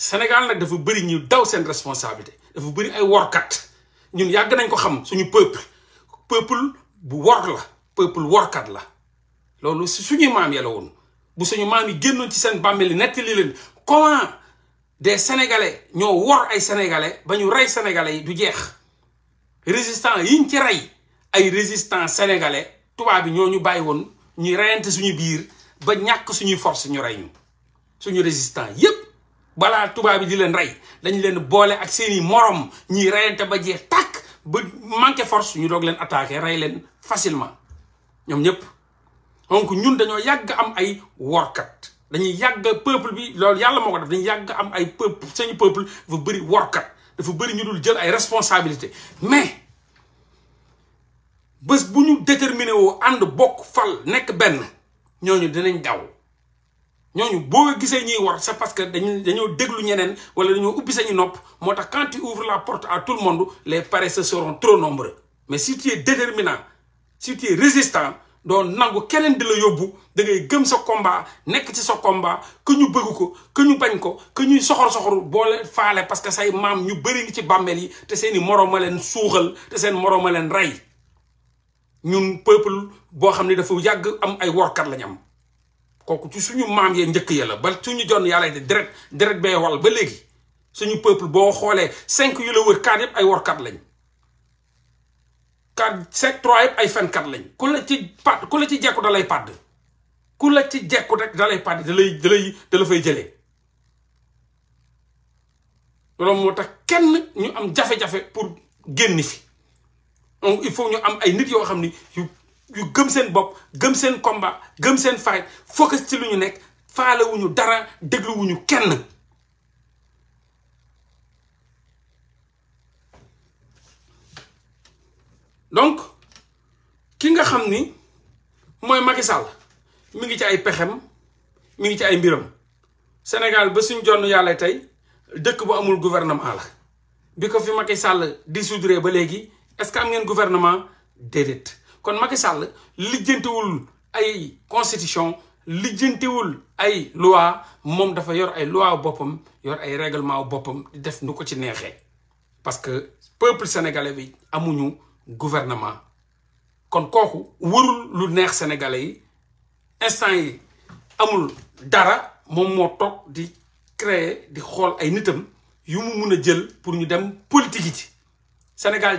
Sénégal nag dafa bëri ñu daw sen responsabilité dafa bëri ay workat ñun yag nañ ko xam suñu peuple peuple bu wor la peuple workat la lolu si suñuy maam ya la bu suñu mam yi génnoon ci sen bàmmeel yi leen comment des sénégalais ñoo wor ay sénégalais bañu ray sénégalais yi du jeex résistant yiñ ci ray ay résistant sénégalais tuba bi ñoo ñu bàyyi woon ñuy reyante suñu biir ba ñak suñu force ñu ray ñu suñu résistant yépp Bala tuba bi di len ray dañ len bolé ak seeni morom ñi reyante ba jeex tak bu manke force ñu dog len len ray len facilement ñom ñep donc ñun dañoo yàgg am ay workat dañuy yàgg peuple bi lool yalla moko def dañuy yàgg am ay peuple seeni peuple bu bari workat dafa bari ñu dul jël ay responsabilité mais bés buñu déterminé woo ànd fal nek ben ñoñu dinañ daw ñooñu boo gisé ñi war c'est parce que dañu dañoo déglu ñenen wala dañoo ubbi sañu nopp motax quand tu ouvres la porte à tout le monde les paresseux seront trop nombreux mais si tu es déterminant si tu es résistant doo nangu kenen de la yóbbu da ngay gëm sa combat nek ci sa combat que ñu bëgg ko que ñu bañ ko que ñuy soxor soxor bo le faale parce que say maam ñu bëri ngi ci bàmmeel yi té seen moroom a leen suuxal te seen moroom a leen rey ñun peuple bo xamni dafa yàgg am ay workat lañ am. kooku ci suñu maam yee njëkk ya ba ba ñu jonn yàlla de deret deret bee wal ba léegi suñu peuple boo xoolee cinq yu la wër quatre yëpp ay workat lañ quatre cinq trois yëpp ay fenkat lañ ku la ci pàdd ku la ci jekku da lay pàdd ku la ci jekku rek da lay pàdd da lay da lay da la fay jëlee loolu moo tax kenn ñu am jafe-jafe pour génn fi donc il faut ñu am ay nit yoo xam ni yu gëm seen bopp gëm seen combat gëm seen fay focus si lu ñu nekk faalewuñu dara dégluwuñu kenn donc ki nga xam ni mooy Macky Sall mi ngi ci ay pexem mu ngi ci ay mbiram Sénégal ba suñ jonn yàlla tey dëkk bu amul gouvernement la bi ko fi Macky Sall dissoudre ba léegi est-ce que am ngeen gouvernement déedéet kon Macky Sall lijeentewul ay constitution lijeentewul ay loi mom dafa yor ay loi boppam yor ay règlement boppam def parce que peuple sénégalais bi amuñu gouvernement kon kooku warul lu sénégalais yi instant dara di créer di ay nitam pour ñu dem politique Le ci Sénégal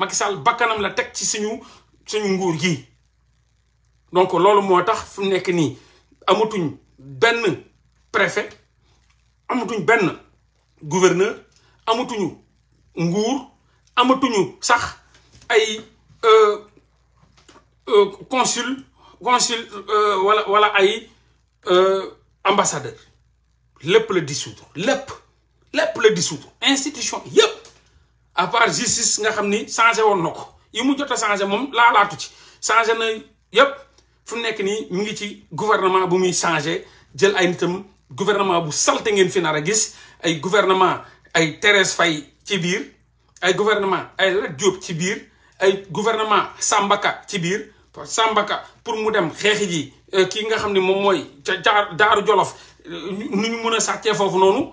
Macky Sall bakkanam la tek ci suñu suñu nguur gi donc loolu motax fu nek ni de préfet Ben gouverneur euh, euh, consul consul euh, wala wala ay ambassadeur lepp la dissoudre Les lepp institution à part justice nga xam ni changé woon na ko yi mu jot a changé moom laalaatu ci changé na yépp fu nekk nii mu ngi ci gouvernement bu muy changé jël ay nitam gouvernement bu salte ngeen fi nar a gis ay gouvernement ay teres fay ci biir ay gouvernement ay Lat Diop ci biir ay gouvernement Sambaka ci biir Sambaka pour mu dem xeexi ji euh, kii nga xam ne moom mooy ca jaar daaru Jolof euh, nu ñu mun a sàccee foofu noonu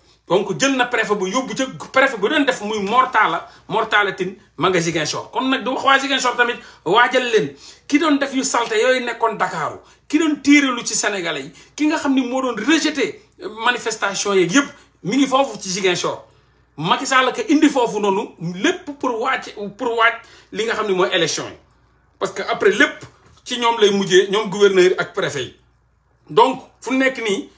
donc jël na préfet bu yobbu ci préfet bu done def muy mortala mortala tin ma nga kon nak di wax waa Ziguinchor tamit waajal leen ki done def yu salte yoy nekkoon Dakaaru ki doon téeralu ci Sénégalais ki nga xamni mo done rejeter euh, manifestation yeeg yëpp mi ngi foofu ci Ziguinchor Macky Sall ka indi fofu nonu lepp pour wacc pour wacc li nga xamni moy élection parce que après lepp ci ñom lay mujjé ñom gouverneur ak préfet yi donc fu nekk ni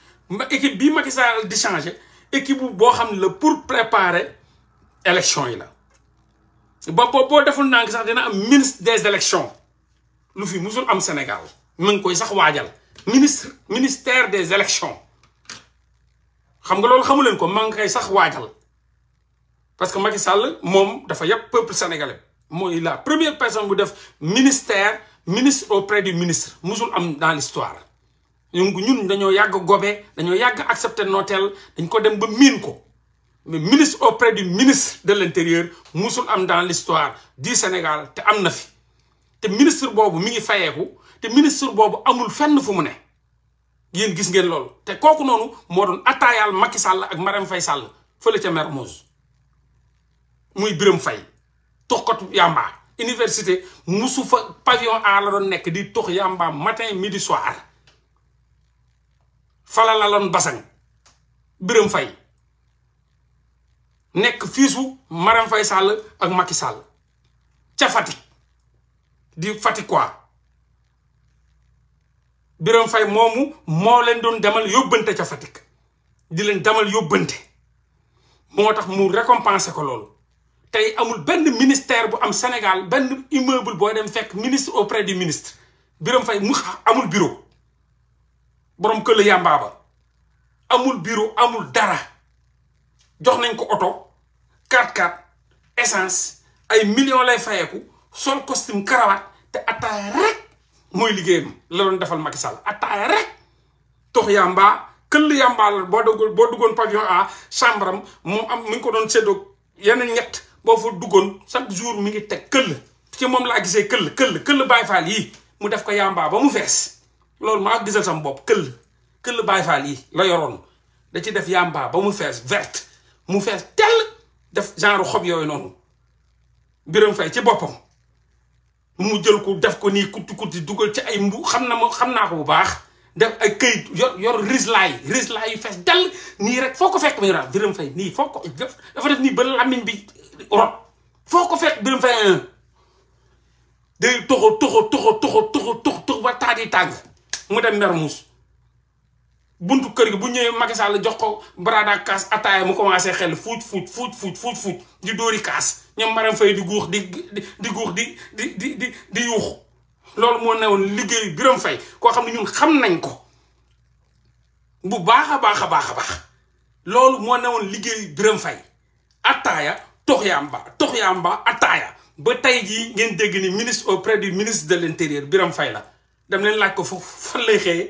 équipe bi Macky Sall di changer équipe qui pour préparer élection yi la un ministre des élections lu fi musul Sénégal ministre ministère des élections xam nga que xamulen ko parce que Macky Sall mom dafa peuple sénégalais la première personne bu def ministère ministre auprès du ministre musul am dans l'histoire ñun ñun dañoo yàgg gobe dañoo yàgg accepter nooteel dañ ko dem ba miin ko mais ministre auprès du ministre de l' intérieur musul am dans l'histoire du Sénégal te am na fi te ministre boobu mi ngi fayeeku te ministre boobu amul fenn fu mu ne yéen gis ngeen loolu te kooku noonu moo doon attaayaal Macky sàll ak Marème fay sàll fële ca Mermoz muy Birame Faye toxkatu yàmbaa université musu fa pavillon A la doon nekk di tox yàmbaa matin midi soir falalaloon Basang Birame fay nekk fiisu Marème Faye Sall ak Macky Sall ca Fatick di Fatick quoi Birame Faye moomu moo leen doon demal yóbbante ca Fatick di leen demal yóbbante moo tax mu récompenser ko loolu tey amul benn ministère bu am Sénégal benn immeuble boo dem fekk ministre auprès du ministre Birame Faye mu amul bureau boroom këll yàmbaa ba amul bureau amul dara jox nañ ko oto 4x4 essence ay millions lay fayeeku sol costume karawaat te attaaya rek mooy liggéeyam la doon defal Macky Sall attaaya rek tox yàmbaa këll yàmbaa la boo duggoon boo duggoon pavillon a chambre mu am mi ngi ko doon séddoo yeneen ñett boo fa duggoon chaque jour mi ngi teg këll ci moom laa gisee këll këll këll Baay Faal yi mu def ko yàmbaa ba mu fees loolu ma gisal sama bop keul keul Baay Faal yi la yoron da ci def yàmba ba mu fess verte mu fess tel def genre xob yoy non birum Fay ci bopam mu jël ko def ko ni kutti kutti dugal ci ay mbu xamna na ma xam ko bu baax def ay keuy yor yor rislay rislaay yu fess dal ni rek foko fek mi muy birum Biram Fay nii foo ko dafa def ni ba làmmiñ bi rot foko fek birum Biram Fay day toxo toxo toxo toxo toxo toxo toxo ba tadi yi tàng mu dem mus buntu kër gi bu ñëwee Macky Sall jox ko brada kaas foot, mu commencé xel foot, foot. foot foot foot foot di doori kaas ñoom maram fay di guux di di guux di di di di yuux lool mo newoon liggéey Birame Faye koo xam ne ñun xam nañ ko bu baaxa baaxa baaxa baax lool mo loolu liggéey Birame ataaya tox yamba yamba ataaya ba tay ji ngeen dégg ni ministre auprès du ministre de l'intérieur Birame fay la dem leen laaj ko foofu fan lay xëyee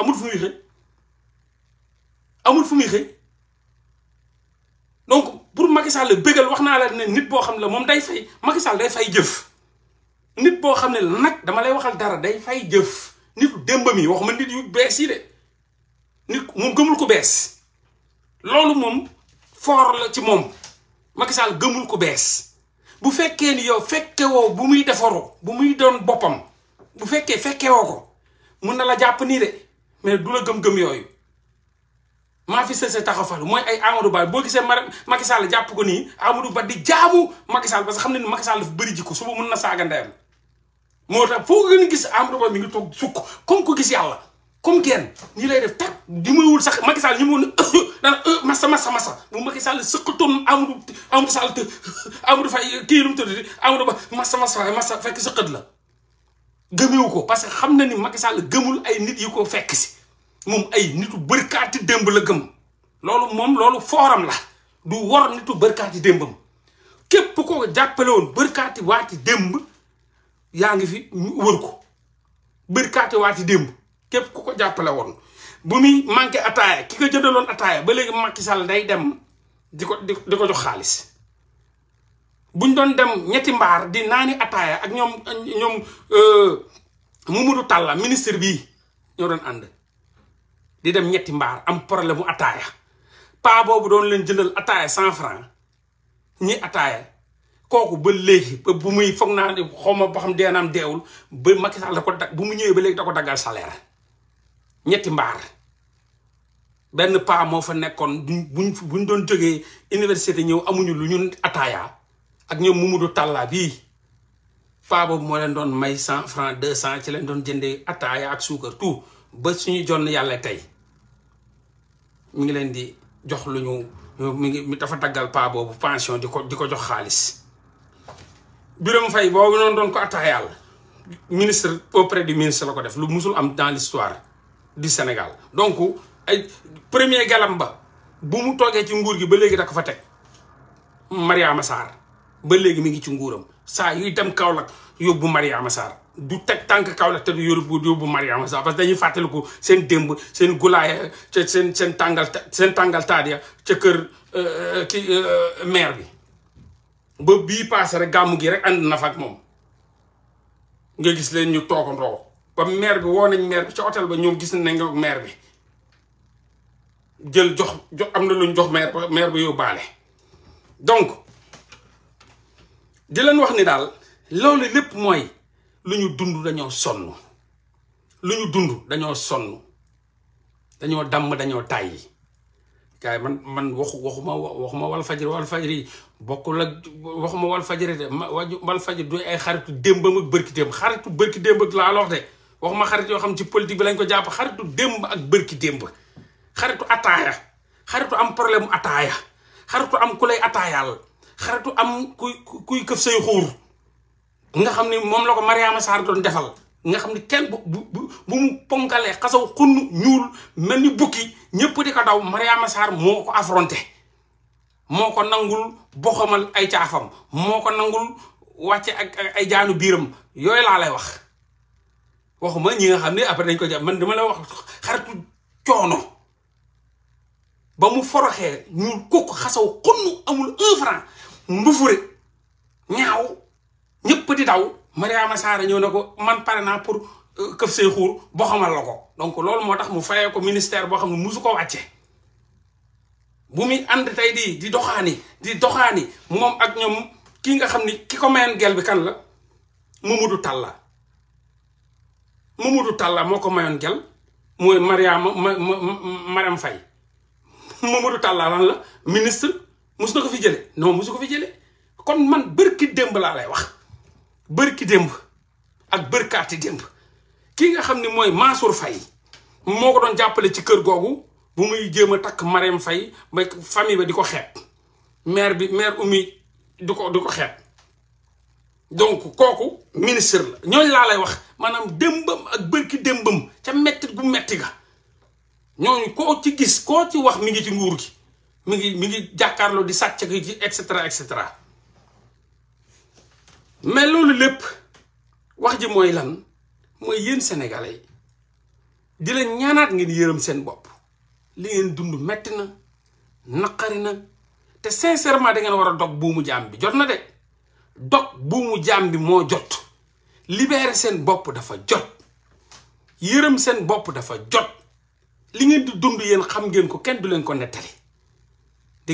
amul fu muy xëy amul fu muy xëy pour Macky Sall bégal wax naa la ne nit boo xam ne moom day fay Macky Sall day fay jëf nit boo xam ne nag dama lay waxal dara day fay jëf nit démbam yi waxuma nit yu bees yi de nit moom gëmul ko bees loolu moom foor la ci moom Macky Sall gëmul ko bees bu fekkee ni yow fekke woo bu muy defaru bu muy doon boppam bu fekke fekke woko ko mun na la japp ni de mais dula gem gëm-gëm yooyu ma fi sëse taxafal moy ay Amadou Ba bo gisee Macky Sall japp ko ni Amadou Ba di jaamu Macky Sall parce que xam ni Macky Sall dafa bëri jikko suba mun na saga ndem mota fo foo gën a gis Amadou Ba mi ngi tok sukk comme ko gis yalla comme ken ni lay def tak di moy wul sax Macky Sall ñi mu ne dana euh, massa massa massa bu Macky Sall sëqatoon Amadou Amadou Sall te Amadou fay ki lu mu Amadou Ba massa massa massa fekk sëqat la gëmewu ko parce que xam na ni Macky Sall gëmul ay nit yu ko fekk si moom ay nitu bërkaati démb la gëm loolu moom loolu fooram la du wor nitu bërkaati démbam képp ko jàppale woon bërkaati waati démb yaa ngi fi wër ko bërkaati waati démb képp ku ko jàppale woon bu muy manqué ataaya ki ko jëndaloon ataaya ba léegi Macky Sall day dem di ko di ko jox xaalis buñ doon dem ñetti mbaar di naani ataaya ak ñoom ñoom euh, Mamadou Talla ministre bii ñoo doon ànd di dem ñetti mbaar am problème mu ataaya paa boobu doon leen jëndal ataaya cent franc ñi ataaya kooku ba léegi ba bu muy foog naa ne xaw ma ba xam deenaam deewul ba Macky Sall ko dag bu mu ñëwee ba léegi da ko daggal salaire ñetti mbaar benn paa moo fa nekkoon bu ñu doon jógee université ñëw amuñu lu ñu ataaya ak ñoom Mamadou Talla bii paa boobu moo leen doon may cent franc deux cent ci leen doon jënde ataaya ak suukar tout ba suñu jonn yàlla tey mu ngi leen di jox lu ñu mi ngi dafa daggal paa boobu pension di ko di ko jox xaalis. Birame Faye boobu noonu doon ko attaayaal ministre auprès du ministre la ko def lu musul am dans l'histoire du Sénégal donc ay premier galam ba bu mu toogee ci nguur gi ba léegi da fa teg Mariama Sarr ba léegi mi ngi ci nguuram saa yuy dem Kaolack yóbbu Mariama Sarr du teg tànk Kaolack te du yóbbu yóbbu Mariama Sarr parce que dañuy fàttaliku seen démb seen gulaaya ca seen seen tàngal seen tàngal taadiya ca kër euh, ki euh, maire bi ba bii passé rek gàmmu gi rek ànd na fa ak moom nga gis leen ñu toogandoo ba maire bi woo nañ maire bi ca hôtel ba ñoom gis nañ nga maire bi jël jox jox am na lu ñu jox maire ba maire ba yóbbaale di leen wax ni dal loolu lepp moy luñu ñu dund dañoo sonn lu ñu dund dañu sonn dañu damm dañoo tàyyi gaay man man waxu waxuma waxuma wal fajr wal fajri bokkul ak waxuma wal fajiri de wal fajr du ay xaritu dembam ak barkitem xaritu barkitem ak la lox de waxuma xarit yo xam ci politique bi lañ ko japp xaritu demb ak barkitem xaritu ataya xaritu am problème ataya xaritu am kulay atayal xaritu am kuy kuy këf say xuur nga xam ni moom la ko Mariama Sarr doon defal nga xam ni kenn bu bu mu ponkalee xasaw xunn ñuul mel ni bukki ñëpp di ko daw Mariama Sarr moo ko affronté moo ko nangul boxamal ay caafam moo ko nangul wàcce ak ay jaanu biiram yooyu laa lay wax waxuma ñi nga xam ne après dañ ko jàpp man dama la wax xaritu coono ba mu foroxee ñuul kooku xasaw xunn amul un mbufure ñaaw ñepp di daw mariama sara ñew nako man pare pour keuf say xuur boo xamal lako donc lool motax mu fayé ko ministère bo xam musu ko wàcce bu muy ànd di di doxani di doxani mom ak ñom ki nga xamni kiko mayen gel bi kan la mamadou talla mamadou talla moko mayon gel moy mariama mariam fay mamadou talla lan la ministre mus na ko fi jële non musu ko fi jële kon man bërki démb laa lay wax bërki démb ak bërkaati démb ki nga xam ne mooy Mansour fay moo ko doon jàppale ci kër googu bu muy jéem a takk Marème fay ba famille ba di ko xeet maire bi maire Oumy du ko di ko xeeb donc kooku ministre la ñooñu laa lay wax maanaam démbam ak bërki démbam ca mettit gu metti ga ñooñu koo ci gis koo ci wax mi ngi ci nguur gi mi ngi mi ngi jakarlo di satch ak ji et cetera et cetera mais lolu lepp wax ji moy lan moy yeen sénégalais di ma ñaanat ngeen yeureum sen bop li ngeen dund metti na nakari na te sincèrement da ngeen wara dog buumu jaam bi jot na de dog buumu jambi bi jot libérer sen bop dafa jot yeureum sen bop dafa jot li ngeen di dund yeen xam ngeen ko kenn du len ko netali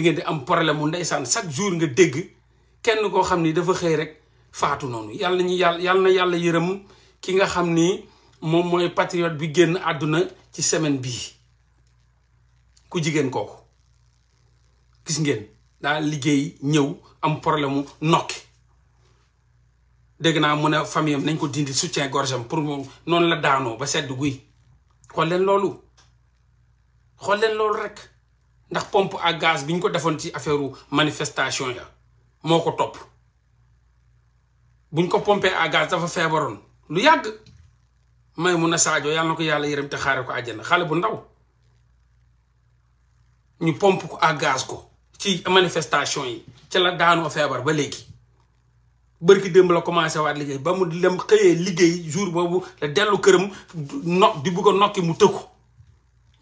di di am problème mu ndeysaan chaque jour nga dégg kenn koo xam ni dafa xëy rek faatu noonu yàlla ñu yàlla yàlla na yàlla yërëm ki nga xam ni moom mooy patriote bi génn àdduna ci semaine bii ku jigéen kooku gis ngeen daa liggéey ñëw am problème mu nokki dégg naa mu ne famille nañ ko dindi soutien gorge am pour moom noonu la daanoo ba sedd guy xool leen loolu xool leen loolu rek ndax pompe à gaz bi ñu ko defoon ci affaire manifestation ya moo ko topp buñ ko pompe à gaz dafa feebaroon lu yàgg may mun a Sadio yàlla na ko yàlla yërëm te xaare ko àjjana xale bu ndaw ñu pomp ko à gaz ko ci manifestation yi ci la daanoo feebar ba léegi bërki démb la commencé waat liggéey ba mu dem xëyee liggéey jour boobu la dellu këram no di bugg a nokki mu tëkku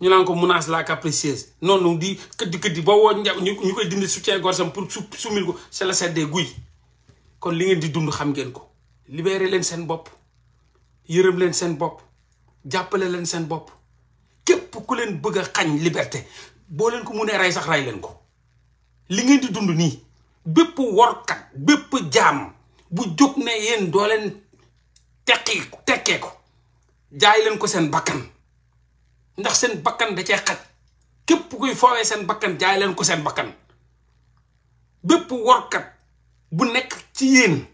ñu naan ko menace la capricieuse noonu di këddi këddi ba woo ñu ñu koy dindi soutien gorsam pour su sumil ko c'est la seddee guy kon li ngeen di dund xam ngeen ko libéré leen seen bopp yërëm leen seen bopp jàppale leen seen bopp képp ku leen bëgg a xañ liberté boo leen ko mënee rey sax rey leen ko li ngeen di dund nii bépp workat bépp jaam bu jóg ne yéen doo leen teqi tekkee ko jaay leen ko seen bakkan ndax seen bakkan da cee xaj képp kuy foowee seen bakkan jaay leen ko seen bakkan bépp workat bu nekk ci yéen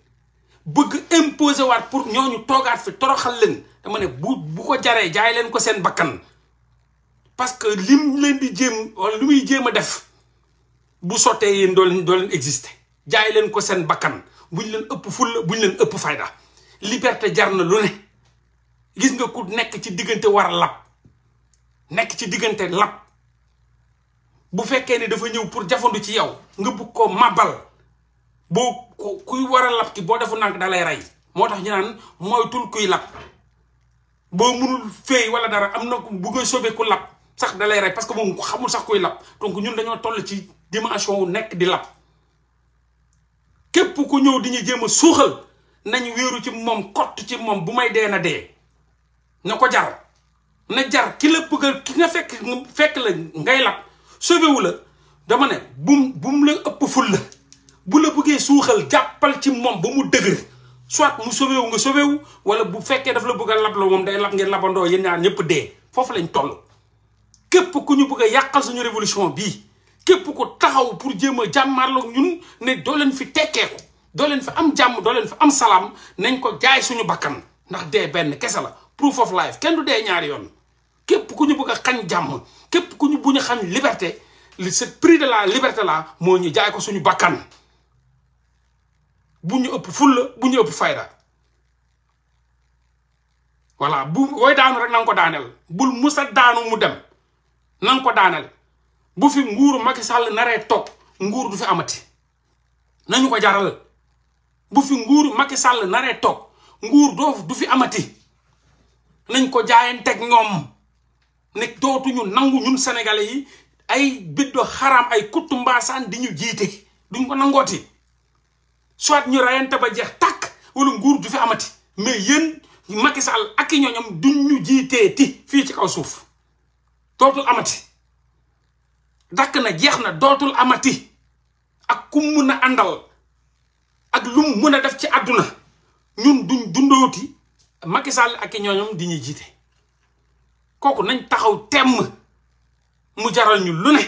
bëgg imposer waat pour ñu toogaat fi toroxal leen dama ne bu bu ko jaree jaay leen ko seen bakkan parce que lim leen di jéem wala li muy jéem a def bu sottee yéen doo leen doo jaay leen ko seen bakkan buñ leen ëpp fulla buñ leen ëpp fayda liberté jar na lu ne gis nga ku nekk ci diggante war a lab nekk ci diggante lab bu fekkee ne dafa ñëw pour jafandu ci yow nga bugg ko mabal boo kuy war a lab ki boo defu nànk dalay lay rey moo tax ñu naan moytul kuy lab boo mënul féey wala dara am na bu ngay sauver ku lab sax da rey parce que moom xamul sax kuy lab donc ñun dañoo toll ci dimension wu nekk di lab képp ku ñëw di ñu jéem a suuxal nañu wéeru ci moom kott ci moom bu may dee na dee nga ko jar na jar ki la bëgg ki nga fekk fekk la ngay lab sauvéwu la dama ne bu bu mu la ëpp ful la bu la bëggee suuxal jàppal ci moom ba mu dëgër soit mu sauvéwu nga sauvéwu wala bu fekkee daf la bëgg a lab la moom day lab ngeen labandoo yéen naan ñëpp dee foofu lañ toll képp ku ñu bëgg yàqal suñu révolution bii képp ko taxaw pour jéem a jàmmarloog ñun ne doo leen fi tekkee ko doo leen fi am jàmm doo leen fi am salaam nañ ko jaay suñu bakkan ndax dee benn kese la proof of life kenn du dee ñaari yoon képp ku ñu bëgg a xañ jàmm képp ku ñu bu ñu xam liberté li ce prix de la liberté là moo ñu jaay ko suñu bakkan bu ñu ëpp fulla bu ñu ëpp fayda voilà bu wooy daanu rek na ko daaneel bul musa daanu mu dem na ko daaneel bu fi nguuru Macky Sall naree nguur du fi amati nañu ko jaral bu fi nguuru Macky Sall naree toog nguur doo du fi amati nañ ko jaayanteeg ñoom nekk dootuñu nangu ñun sénégalais yi ay biddo xaram ay kuttu mbaasaan di ñu jiite duñ ko nangooti soit ñu rayante ba jeex tàkk wala nguur du fi amati mais yéen Macky Sall ak i ñooñam duñ ñu ti fii ci kaw suuf dootul amati dakk na jeex na dootul amati ak ku mun a ak lum mun a def ci àdduna ñun duñ dundooti Macky Sall ak i ñooñam di jiite kooku nañ taxaw temm mu jaral ñu lu ne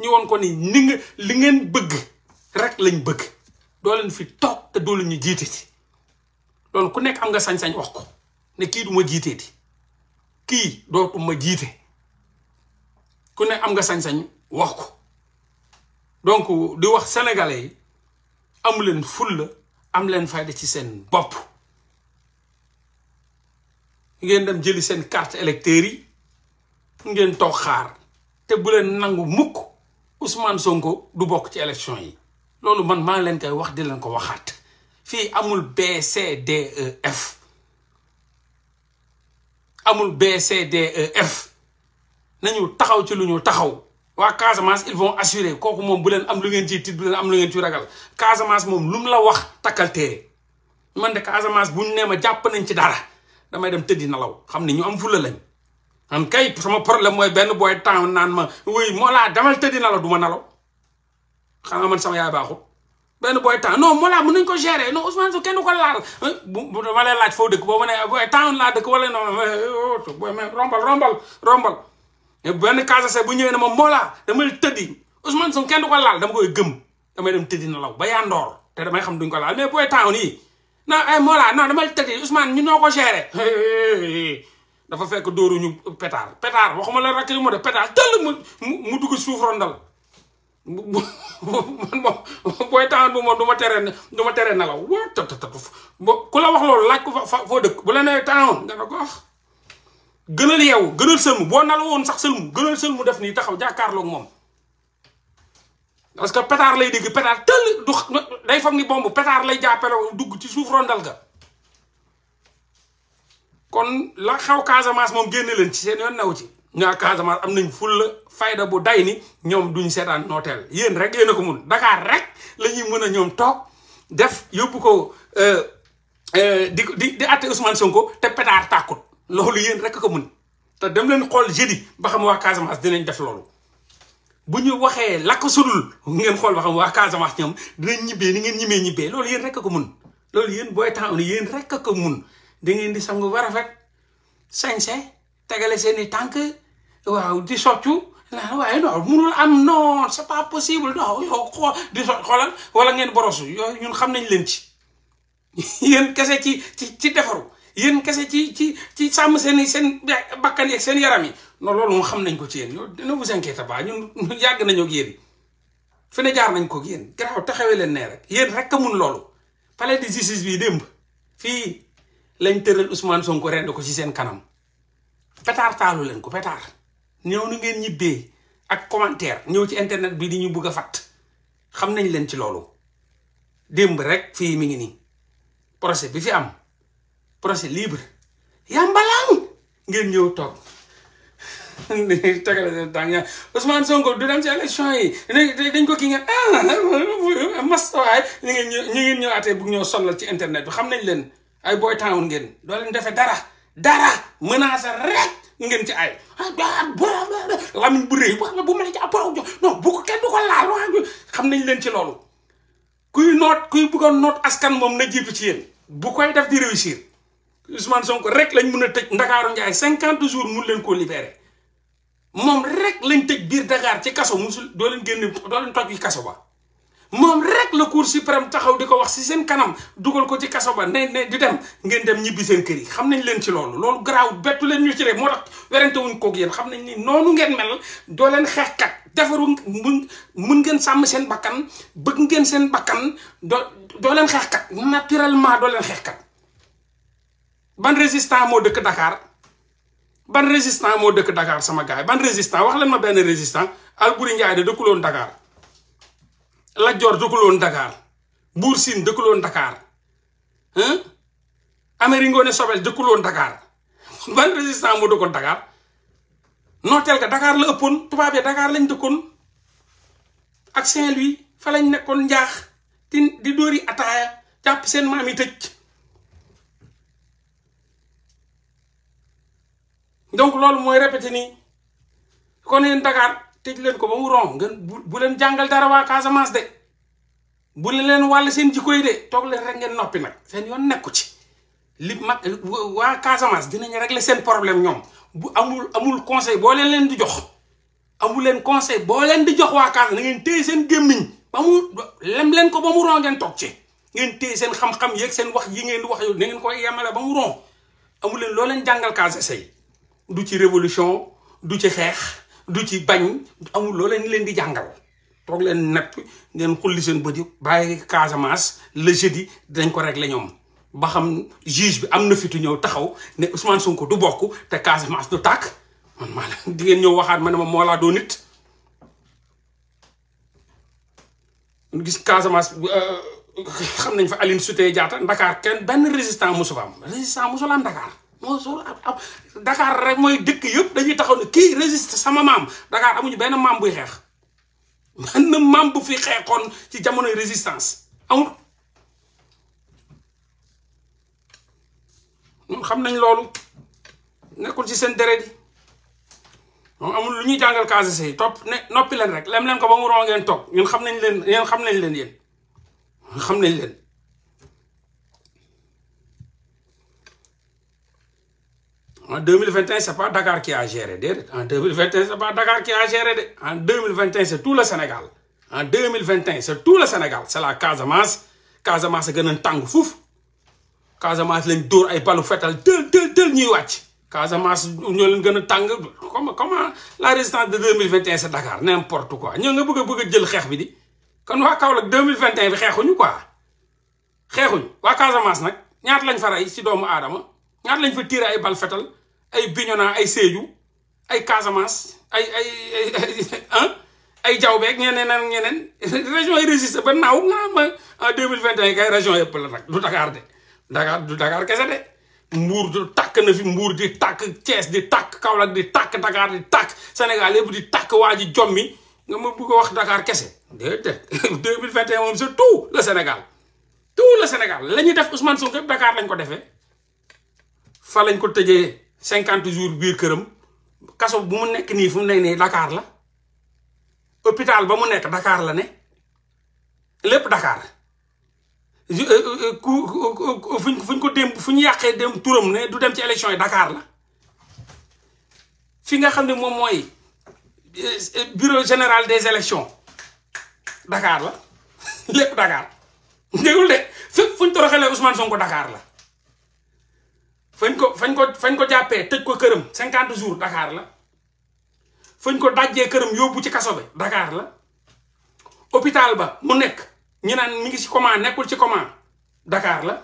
ñu woon ko ni ni nga li ngeen bëgg rek lañ bëgg doo leen fi toog te doo leen ñu jiite ci loolu ku nekk am nga sañ-sañ wax ko ne kii du ma jiitee di kii dootu ma jiite ku nekk am nga sañ-sañ wax ko donc di wax sénégalais yi amu leen fulla am leen fayda ci seen bopp ngeen dem jëli seen carte électeur yi ngeen toog xaar te bu leen nangu mukk Ousmane Sonko du bokk ci élection yi loolu man maa ngi leen koy wax di leen ko waxaat fii amul BCDEF amul BCDEF nañu taxaw ci lu ñu taxaw wa Casamance ils vont assurer kooku moom bu leen am lu ngeen ci tit bu leen am lu ngeen ci ragal Casamance moom lum mu la wax takal téere man de Casamance bu ma jàpp nañ ci dara damay dem tëddi nalaw xam ne ñu am fulla lañ man sama problème mooy benn booy temps naan ma oui Mollah demal tëddi nalaw du ma nalaw xam nga man sama yaay baaxul benn booy temps non Mollah mën ko gérer non Ousmane Sonko kenn du ko dama foo dëkk boo ma ne booy temps laa dëkk wala eh, oh, benn casase bu ñëwee ne ma Mollah damay tëddi Ousmane Sonko kenn du ko laal dama koy gëm damay dem tëddi nalaw ba yaa ndoor te damay ko laal mais booy temps yii non ay eh, Mollah non dama tëdd Ousmane ñu noo ko géré dafa fekk dóoruñu pétard pétard waxuma la rakk li mu def pétard tëll mu mu dugg suuf rondal man moom te temps bu moom du ma teree du ma teree nelaw wa ku la wax loolu laaj ko fa foo dëkk bu la nee temps nga ne ko wax ah, gënal yeewu gënal sëlmu boo nelawoon sax sëlmu gënal sëlmu def nii taxaw jàkkaarloog moom parce que pétard lay dégg pétard tëll du day foog ni bomb pétard lay jàppale dugg ci suuf rondal ga kon la xaw Casamance moom génne leen ci seen yoon naw ci ñaa Casamance am nañ fulla fayda bu day ni ñoom duñ seetaan nooteel yéen rek yéen a ko mun Dakar rek la ñuy mën a ñoom toog def yóbbu ko euh, euh, di di di àtte Ousmane Sonko te pétard loxo lu yéen rek ko mun te dem leen xool jeudi ba xam waa Casamance dinañ def loolu buñu waxé waxee lakk sudul ngeen xol waxam wa waa Casamance ñom dinañ ñibé ni ngeen ñimé ñibé lool yeen rek ko mën lool yeen boy temps on yeen rek ko mën da ngeen di sangu ba rafet sañse tegale seeni tank waaw di soccu la waay no munul am non c'est pas possible non yo ko di so xolal wala ngeen borosu yo ñun xam nañ leen ci yeen kessé ci ci defaru yeen kessé ci ci ci sàmm seen sen bakkan sen yaram non loolu moom xam nañ ko ci yéen yow ne vous inquiétez pas ñun yàgg nañoo ak yéen fi ne jaar nañ ko ak yéen garaaw taxawee leen nee rek yéen rek a mun loolu. palais de bii démb fii lañ tëral Ousmane Sonko rend ko ci seen kanam pétard leen ko pétard ñëw nu ngeen ñibbee ak commentaire ñëw ci internet bi di ñu bugg a fàtt xam nañ leen ci loolu démb rek fii mi ngi nii procès bi fi am procès libre yàmbalaan ngeen ñëw toog. tegale daan yaa Ousmane Sonko du dem ci élection yi dañ ko kii ngeen ah mastawaay ñu ngeen ñu ngeen ñëw atee bugg ñoo sonal ci internet bi xam nañ leen ay boy town ngeen doo leen defee dara dara menacé rek ngeen ci ay lamiñ bu rëy wax na bu ma la ci appaw jo non bu ko kenn du ko laal wax xam nañ leen ci loolu kuy noot kuy bëggoon noot askan moom na jiitu ci yéen bu koy def di réussir Ousmane Sonko rek lañ mun a tëj Ndakaaru Ndiaye cinquante jours mun leen koo libéré moom rek lañ tëj biir Dakar ci kaso musul doo leen génne doo leen toj yi kaso ba moom rek la cour suprême taxaw di ko wax si seen kanam dugal ko ci kaso ba ne ne di dem ngeen dem ñibbi seen kër yi xam nañ leen ci loolu loolu garaw bettu leen ñu ci rek moo tax werante wuñ koog yéen xam nañ ni noonu ngeen mel doo leen kat defaru mun mun ngeen sàmm seen bakkan bëgg ngeen seen bakkan doo doo leen xeexkat naturellement doo leen xeexkat ban résistant moo dëkk Dakar ban résistant moo dëkk dakaar sama gaay ban résistant wax leen ma benn résistant Alburi Njaay de dëkkuloon Dakar Lat Joor dëkkuloon Dakar Buur Siin dëkkuloon Dakar Amari Ngoone Sobel dëkkuloon Dakar ban résistant moo dëkkoon Dakar nooteel ga Dakar la ëppoon tubaab yi Dakar lañ dëkkoon ak Saint-Louis fa lañ nekkoon njaax di di dóori ataaya jàpp seen maam yi tëj donc loolu mooy répété nii kon yéen Dakar tëj leen ko ba mu ron ngeen bu leen jàngal dara waa Casamance de bu leen wàll seen jikko yi de toog leen rek ngeen noppi nag seen yoon nekku ci li mag waa Casamance dinañ régler seen problème ñoom bu amul amul conseil boo leen leen di jox amul leen conseil boo leen di jox waa Casamance na ngeen téye seen gémmiñ ba mu lem leen ko ba mu ron ngeen toog ci ngeen téye seen xam-xam yeeg seen wax yi ngeen di wax yow na ngeen koy yemale ba mu ron amul leen loo leen jàngal Casamance yi du ci révolution du ci xeex du ci bañ amul loo leen leen di jàngal toog leen nepp ngeen xulli seen bët yi bàyyi Casamance le jeudi dañ ko rek lañoom ba xam juge bi am na fitu ñëw taxaw ne Ousmane ko du bokk te Casamance du tàkk man maa la di ngeen ñëw waxaat ma ne ma moo laa doo nit gis Casamance euh, xam nañ fa Aline Sitoé Diatta Ndakaar kenn benn résistant mosu fa am résistant mosu la am Ndakaar Mansour am Dakar rek mooy dëkk yëpp dañuy taxaw ne kii résiste sama maam Dakar amuñu benn maam buy xeex benn maam bu fi xeexoon ci jamonoy résistance amul. ñun xam nañ loolu nekkul ci seen deret yi amul lu ñuy jàngal casese yi topp ne noppi leen rek lem leen ko ba mu roo ngeen toog ñun xam nañ leen yéen xam nañ leen yéen xam nañ leen. en 2021 c'est pas Dakar qui a géré déedéet en 2021 c'est pas Dakar qui a géré de en 2021 c'est tout le Sénégal en 2021 c'est tout le Sénégal c'est la Casamance Casamance a gën a tàng fuuf Casamance lañ dóor ay balu fetal tël tël tël ñuy wàcc Casamance ñoo leen gën a tàng comment comment la résistance de 2021 c'est Dakar n'importe quoi ñoo nga bëgg a bëgg a jël xeex bi di kon waa Kaolack 2021 bi xeexuñu quoi xeexuñu waa Casamance nag ñaata lañ fa si doomu aadama ñaata lañ fa tiir ay bal fetal ay Bignona ay Sédhiou ay Casamance ay ay ay ay Diaobé ñeneen ak ñeneen région yi résisté ba naaw nga ma deux mille vingt et kay région yëpp la nag du Dakar de Dakar du Dakar kese de. mbuur du takk na fi mbuur di tàkk Thiès di takk Kaolack di takk Dakar di tàkk Sénégal yëpp di tàkk waa ji jommi nga ma bëgg a wax Dakar kese déedéet 2021 moom c'est tout le Sénégal tout le Sénégal la ñuy def Ousmane Sonko Dakar lañ ko defee fa lañ ko tëjee cinquante jours biir këram kaso bu mu nekk nii fu mu nekk nii dakaar la hôpital ba mu nekk dakaar la ne lépp dakaar euh, euh, euh, ku fuñ ko démb fu ñu yàqee dem turam ne du dem ci élection yi dakaar la fi nga xam ne moom mooy bureau général des élections dakaar la lépp Dakar ndégul de fépp fuñ toroxalee Ousmane Sonko dakaar la fañ ko fañ ko fañ ko jàppee tëj ko këram cinquante jours Dakar la fañ ko dajjee këram yóbbu ci kaso bi dakaar la hôpital ba mu nekk ñu naan mi ngi ci coma nekkul ci coma dakaar la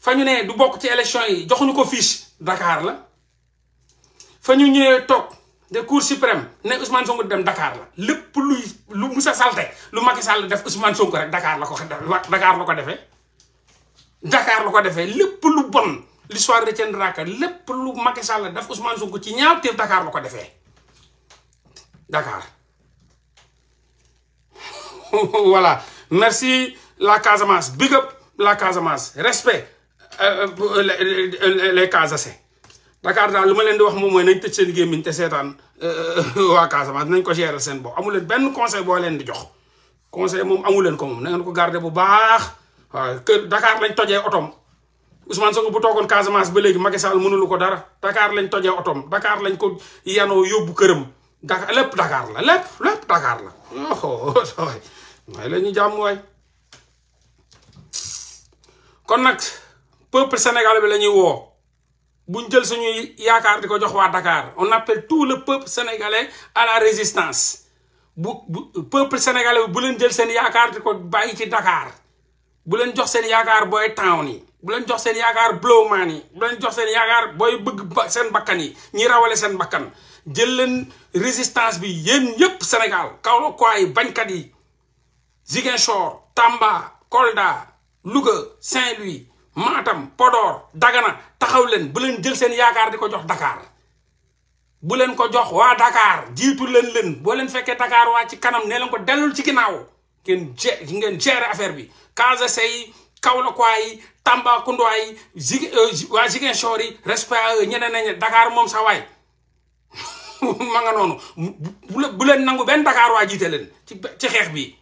fa ñu ne du bokk ci élection yi joxuñu ko fiche dakaar la fa ñëwee toog de cour suprême ne Ousmane Sonko dem dakaar la lépp luy lu Moussa Salte lu Macky Sall def Ousmane Sonko rek Dakar la ko Dakar la ko defee Dakar la ko defee lépp lu bon l'histoire retiendra que lepp lu Macky Sall daf Ousmane Sonko ci Dakar Dakar voilà merci la Casamance big up la Casamance respect euh, euh, les Dakar suis luma ma di wax mooy nañ Je euh, Casamance nañ ko gérer sen bo amu conseil bo leen di jox conseil moom amu ko moom nañ ko garder bu baax Dakar lañ Ousmane Sonko bu toogoon Casamance ba léegi Macky Sall mënulu ko dara Dakar lañ tojee otom Dakar lañ ko Yano yóbbu kërëm Dakar lepp Dakar la lepp Oh Dakar la waaye lañu jamm way kon nak peuple sénégalais bi la wo buñ jël suñu yaakar diko jox wa Dakar on appelle tout le peuple sénégalais à la résistance bu peuple sénégalais bu leen jël sen yaakar diko bayyi ci Dakar bu leen jox sen yaakar boy town yi bu leen jox seen yaakaar blowman yi bu leen jox seen yaakaar booy bëgg seen bakkan yi ñi rawale seen bakkan jël leen résistance bi yéen yépp Sénégal Kaolack quoi yi bañkat yi Ziguinchor Tamba Kolda Louga Saint-Louis Matam Podor Dagana taxaw leen bu leen jël seen yaakaar di ko jox dakaar bu leen ko jox waa dakaar jiitu leen leen boo leen fekkee Dakar waa ci kanam nee leen ko dellul ci ginnaaw ngeen je ngeen gérer affaire bi Casa Sey Kaolack quoi yi Tambacounda yi Zig euh, waa Ziguinchor yi respect ñeneen nañu dakaar moom sa waay ma noonu bu leen nangu benn Dakar waa jiite leen ci ci xeex bi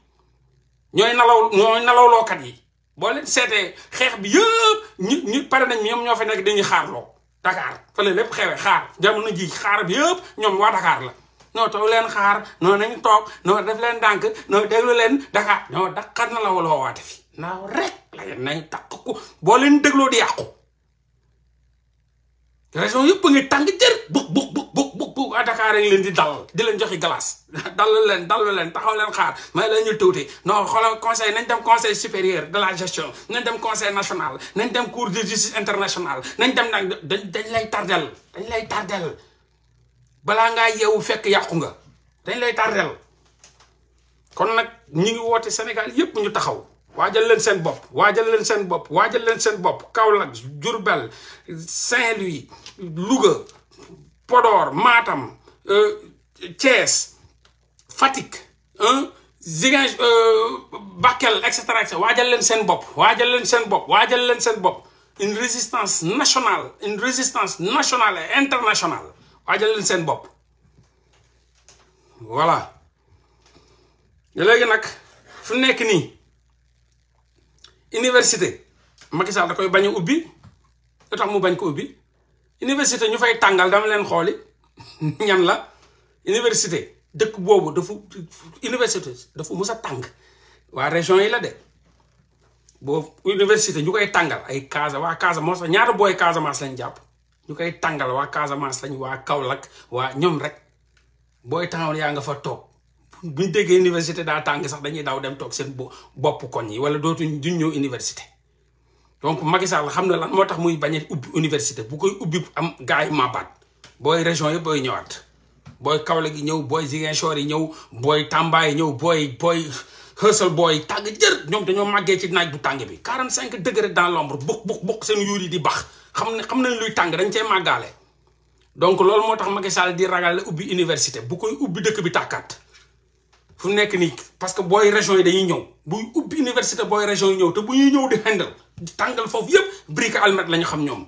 ñooy nalaw ñooy yi boo leen seetee xeex bi yëpp ñu ñu pare nañ ñoom ñoo fa nekk dañuy xaarloo Dakar fële lépp xewe xaar jamono jii xaar bi yëpp ñoom waa dakaar la noo toog leen xaar noonu nañu toog noo def leen dànk noo déglu leen Dakar ñoo Dakar na la wala woowaate naaw rek la nañ takk ko boo leen dégloo di yàqu région yëpp a ngi tàng jër bug bug bug bug bug bug à Dakar leen di dal di leen joxe glace dalal leen dalal leen taxaw leen xaar may la ñu tuuti non xoolal conseil nañ dem conseil supérieur de la gestion nañ dem conseil national nañ dem cour de justice nañ dem nag dañ dañ lay tardel dañ lay tardel balaa ngaa yeewu fekk yàqu nga dañ lay tardel kon nag ñu ngi woote Sénégal yëpp ñu taxaw waa waajal leen seen bopp waajal leen seen bopp waajal leen seen bopp Kaolack Diourbel Saint-Louis Louga Podor Matam euh, Thiès Fatick Ziguinch euh, Bakel et cetera et waajal leen seen bopp waajal leen seen bopp waajal leen seen bopp une résistance nationale une résistance nationale et internationale waajal leen seen bopp voilà léegi nag fu nekk nii. université Macky da koy bañ ubbi lu tax mu bañ ko ubbi université ñu fay tàngal dama leen xooli ñan la université dëkk boobu dafu université dafa mus a tàng waa région yi la de boo université ñu koy tàngal ay Casa waa Casamance ñaata booy Casamance lañ jàpp ñu koy tàngal waa Casamance lañ waa Kaolack waa ñoom rek booy taxaw yaa nga fa toog buñ déggé université da tang sax dañuy daw dem tok seen bop koñ yi wala dootuñ duñ ñëw université donc Macky Sall xamna lan motax muy bañé a ubbi université bu koy ubbi am gaay mabat boy. booy région boy booy ñëwaat booy Kaolack yi ñëw zigen Ziguinchor yi ñëw boy Tamba yi ñëw boy boy hustle boy tag jër ñom dañoo maggé ci naaj bu tang bi 45 degré dans l'ombre buk buk buk seen yuri di bax xam xamna luy tang dañ cey magalé donc lool motax Macky Sall di ragal ubbi université bu koy ubbi dëkk bi fu nekk nii parce que booy région yi dañuy ñëw buy ubbi université booy région yi ñëw te bu ñuy ñëw di xendal di tàngal foofu yëpp brique almet la ñu xam ñoom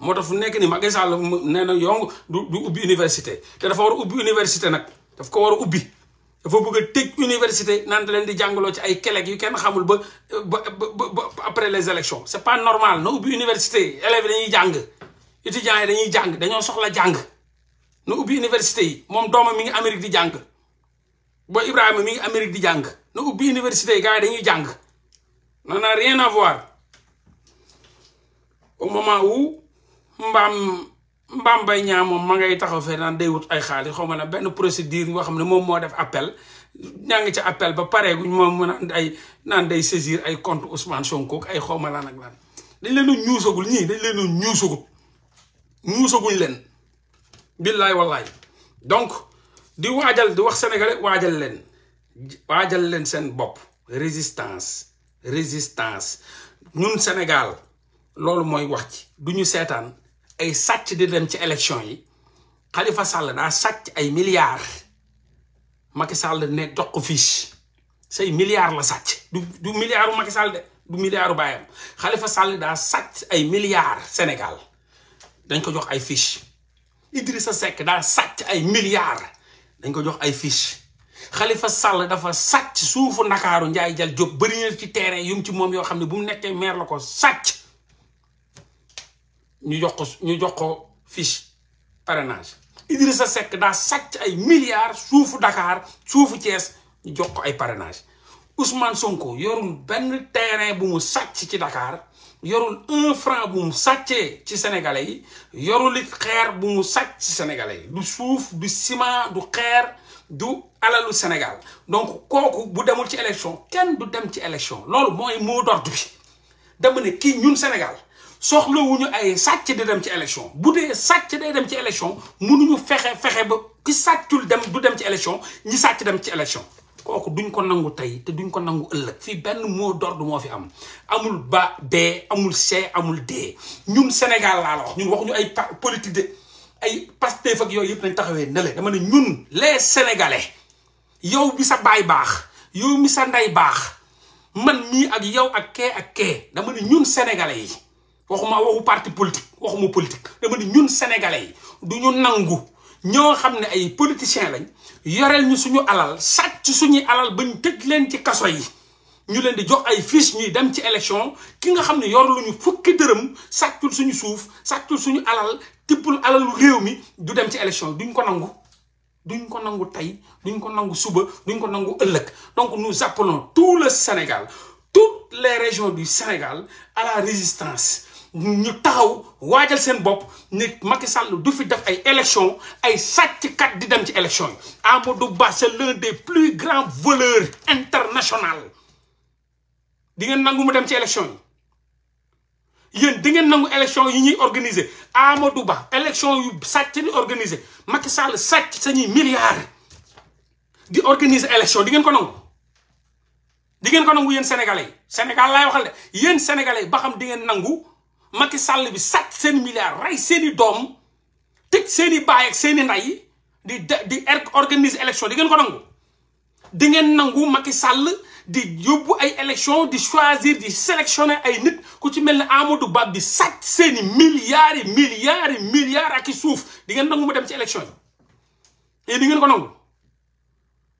moo tax fu nekk nii Macky Sall nee na yong du du ubbi université te dafa war a ubbi université nag daf ko war ubbi dafa bëgg a tëj université naan leen di jàngaloo ci ay kelek yu kenn xamul ba ba les élections c'est pas normal na ubbi université élèves yi jàng étudiants yi dañuy jàng dañoo soxla jàng na ubbi université yi moom doomam mi ngi Amérique di jàng boo Ibrahima mi ngi Amérique di jàng na ubbi université yi gars yi dañuy jàng na na rien à voir au moment où mbaam mbaam bay ñaa moom ma ngay taxaw fee naan day wut ay xaalis xaw ma ne benn procédure boo xam ne moom moo def appel ñaa ngi ci appel ba pare guñ moom mu naan ay naan day saisir ay compte Ousmane Sonko ay xaw ma lan ak lan dañ leen a ñuusagul ñii dañ leen a ñuusagul leen billaay wallaay di waajal di wax sénégalais waajal leen waajal leen seen bopp résistance résistance ñun Sénégal loolu mooy wax ci du ñu seetaan ay sàcc di dem ci élection yi xalifa Sall daa sàcc ay milliards Macky Sall ne dox ko fiche say milliards du du milliardu Macky Sall de du milliardu baayam Khalifa Sall daa ay milliards Sénégal dañ ko jox ay fiche Idrissa Seck daa sàcc ay milliards dañ ko jox ay fiche xalifa Sall dafa sàcc suufu ndakaaru Ndiaye Dial Diop bëri na ci terrain yum ci moom yoo xam ne bu mu nekkee maire la ko sàcc ñu jox ñu jox ko fiche parrainage Idrissa Seck daa sàcc ay milliards suufu Dakar suufu Thiès ñu jox ko ay parrainage Ousmane Sonko yorul benn terrain bu mu sàcc ci dakaar yorul un franc bu mu sàccee ci sénégalais yi yorul it xeer bu mu sàcc ci sénégalais yi du suuf du ciment du xeer du alalu Sénégal donc koku bu demul ci élection ken du dem ci élection lolou moy mot d'ordre bi dama ne kii ñun Sénégal wuñu ay sàcc dem ci élection bu dé sàcc day dem ci élection ñu fexé fexé ba ki sàccul dem du dem ci élection ñi sàcc dem ci élection kooku duñ ko nangu tay te duñ ko nangu ëllëg fi benn mot d'ordre mo fi am amul ba B amul C amul D ñun Sénégal laa la wax ñun waxuñu ay politique de ay Pastef ak yooyu yëpp nañ taxawee ne dama ne ñun les sénégalais yow bi sa baay baax yow mi sa ndey baax man mii ak yow ak kee ak kee dama ne ñun sénégalais yi waxuma waxu parti politique waxuma politique dama ne ñun sénégalais yi du ñu nangu ñoo xamné ay politiciens lañ yoreel ñu suñu alal sàcc suñu alal bañ tëj leen ci kasso yi ñu leen di jox ay fiche ñuy dem ci élection ki nga xamné ne yor luñu fukki dërëm sàccul suñu suuf sàccul suñu alal tippul alalu réew mi du dem ci élection duñ ko nangu duñ ko nangu tay duñ ko nangu suba duñ ko nangu ëlëk donc nous appelons tout le Sénégal toutes les régions du Sénégal à la résistance ñu taxaw waajal seen bopp ne Macky Sall du fi def ay élection ay sàcckat di dem ci élection yi Amadou Ba c'est l'un des plus grands voleurs international di ngeen nangu mu dem ci élection yi yéen di ngeen nangu élection yu ñuy organiser du Ba élection yu sàcc di organiser Macky Sall sàcc sañuy milliards di organiser élection di ngeen ko nangu di ngeen ko nangu yéen sénégalais yi Sénégal laay waxal de yéen sénégalais yi ba xam di ngeen nangu Macky Sall bi sàcc seen milliards rey seeni i doom tëj seen i baay ak seen i ndey di di er, organise élection di ngeen ko nangu di ngeen nangu Macky Sall di yóbbu ay élection di choisir di sélectionner ay nit ku ci mel ne Amadou Ba di sàcc seen i milliards yi milliards yi milliards ak i suuf di ngeen nangu mu dem ci élection yi di ngeen ko nangu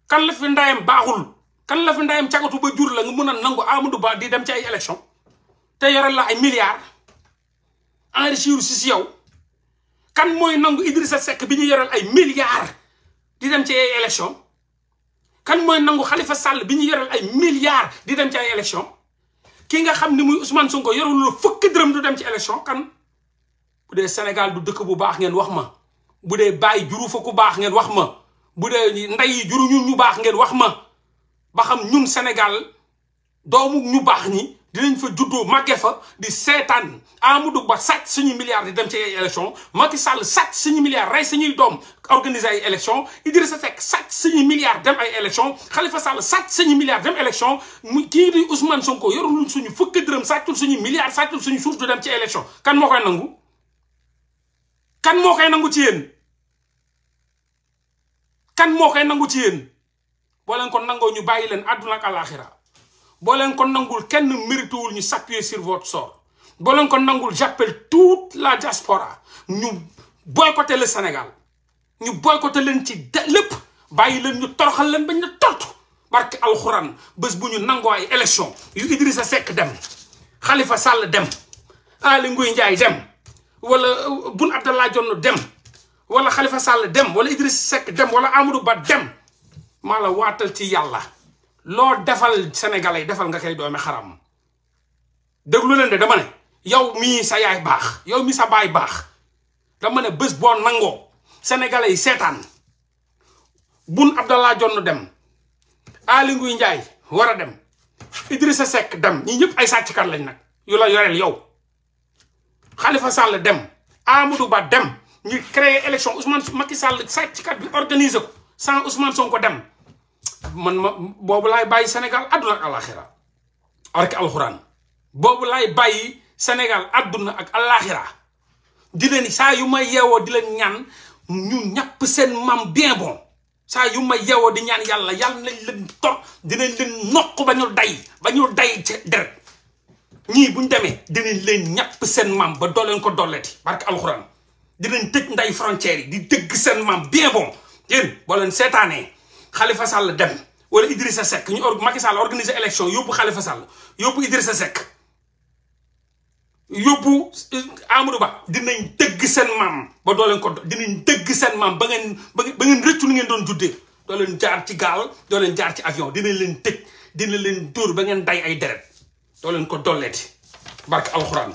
kan la fi ndayam baaxul kan la fi ndayam cagatu ba jur la nga mun a nangu Amadou Ba di dem ci ay élection te yore la ay milliards enrichir ci si yow kan moy nangou Idrissa sek biñu yoral ay milliards di dem ci election élection kan moy nangou Khalifa Sall biñu yoral ay milliards di dem ci ay élection kan ki nga xamni muy Ousmane Sonko yorul lu fukk dërëm du dem ci élection kan budé Sénégal du dëkk bu baax ngeen wax ma budé bay juru fa ku baax ngeen wax ma budé nday juru ñu ñu baax ngeen wax ma ba xam ñun Sénégal doomu ñu baax ni dinañ fa juddo màggee fa di sétane Amadou Ba sat suñu milliards di dem ci élection Macky Sall sat suñu milliards ray suñu dom organiser élection Idrissa Seck sat suñu milliards dem ay élection Khalifa Sall sat suñu milliards dem élection mu kii di Ousmane Sonko yorul suñu fukk deureum sàccul suñu milliards sàccul suñu source du dem ci élection kan mo koy nangou kan mo koy nangou ci yeen kan mo koy nangou ci yeen bo len ko nangoo ñu bàyyi leen ak alakhirah bolen ko nangul kenn mérituwul ñu s'appuyer sur votre sort bolen ko nangul j'appelle toute la diaspora ñu boycotter le Sénégal ñu boycotter leen ci lepp bàyyi leen ñu toroxal leen bañ na tortu barke alcorane bés bu ñu nangoo ay élection yu Idrissa Seck dem Khalifa Sall dem ali Ngouille Ndiaye dem wala euh, Boun Abdallah Dionne dem wala Khalifa Sall dem wala Idrissa Seck dem wala Amadou Ba dem mala watal ci yalla loo defal sénégalais defal nga koy doomi xaram déglu leen de dama ne yow mii sa yaay baax yow mii sa baay baax dama ne bés boo nangoo sénégalais yi seetaan Boun Abdallah Dionne dem Aly Ngouille Ndiaye war a dem Idrissa Seck dem ñi ñëpp ay sàcckat lañ nag yu la yoreel yow xalifa Sall dem Amadou Ba dem ñu créer élection Ousmane Macky Sall sàcckat bi organiser ko sans Ousmane ko dem man ma boobu laay bàyyi Sénégal àdduna ak alaxira ark alxuraan boobu laay bàyyi Sénégal àdduna ak alaxira di leen saa yu ma yeewoo di leen ñaan ñu ñàpp seen maam bien bon saa yu ma yeewoo di ñaan yàlla yàlla nañ leen toog dinañ leen noq ba ñu day ba ñu day ci deret ñii bu ñu demee dinañ leen ñàpp seen maam ba dooleen ko dolleti barke alxuraan dinañ tëj nday frontières yi di dëgg seen maam bien bon yéen boo seetaanee xalifa Sall dem wala Idrissa sekk ñu or Macky Sall organiser élection yóbbu Khalifa Sall yóbbu Idrissa Seck yóbbu eh, Amadou Ba dinañ dëgg seen maam ba doo leen ko dinañ dëgg seen maam ba ngeen ba ngeen rëccu ni ngeen doon juddee doo leen jaar ci gaal doo jaar ci avion dinañ leen tëj dina leen dóor ba ngeen day ay deret doo leen ko dolleeti barke alxuraan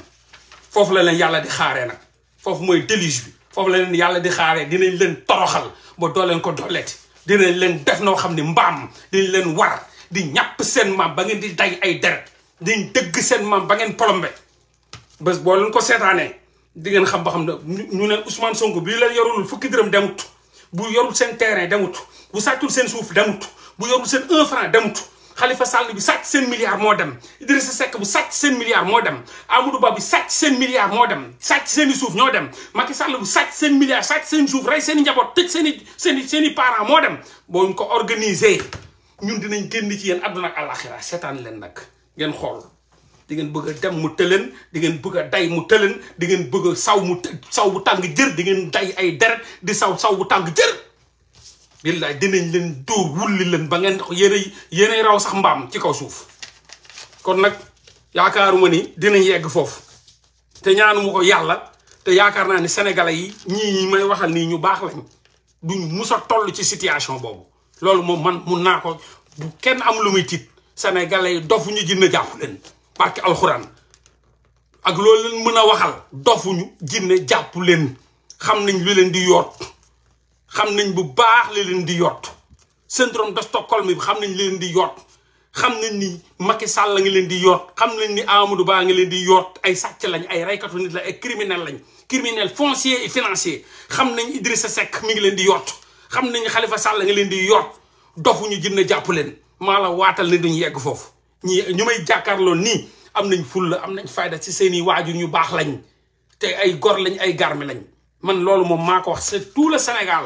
foofu la leen yàlla di xaaree nag foofu mooy déluge bi foofu la leen yàlla di xaaree dinañ leen toroxal ba doo leen ko dolleeti dinañ leen def noo xam ne mbaam dinañ leen war di ñàpp seen maam ba ngeen di day ay deret dinañ dëgg seen maam ba ngeen plombé bés boo leen ko seetaanee di ngeen xam ba xam ne ñu ne Ousmane Sonko bi leen yorul fukki dërëm demut bu yorul seen terrain demut bu sàccul seen suuf demut bu yorul seen un franc demut xalifa sàll bi sàcc seen milliard moo dem Idrissa Seck bu sàcc seen milliard moo dem Amadou Ba bi sàcc seen milliard moo dem sàcc seen i suuf ñoo dem Macky Sall bu sàcc seen milliard sàcc seen suuf rey seen i njaboot tëj seen i seen i seen i moo dem boo ñu ko organiser ñun dinañ génn ci yéen àdduna ak àllaaxira seetaan leen nag ngeen xool di ngeen bëgg a dem mu tëleen di ngeen bëgg a day mu tëleen di ngeen bëgg a saw mu saw bu tàng jër di ngeen day ay deret di saw saw bu tàng jër. billaay dinañ leen dóor wulli leen ba ngeen yéenay yéenay raw sax mbaam ci kaw suuf kon nag yaakaaruma ni dinañ yegg foofu te ñaanuma ko yàlla te yaakaar naa ni sénégalais yi ñii ñi may waxal nii ñu baax lañ duñ mus a toll ci situation boobu loolu moom man mun naa ko bu kenn am lu muy tiit sénégalais yi dofuñu jinne jàpp leen barke alxuraan ak loolu leen mën a waxal dofuñu jinne jàpp leen xam nañ lu leen di yoot xam bu baax li leen di yott syndrome de Stockholm bi xam nañ leen di yott xam nañ ni Macky Sall nga leen di yott xam nañ ni Amadou Ba nga leen di yott ay sàcc lañ ay katou nit la ay criminel lañ criminel foncier et financier xam nañ Idrissa sek mi ngi leen di yott xam nañ Khalifa Sall nga leen di yott leen duñu yegg fofu ñi ñu may jakarlo ni am nañ fulla am nañ fayda ci seeni waju ñu bax lañ te ay gor lañ ay garmi lañ man lolu mom mako wax c'est tout le Sénégal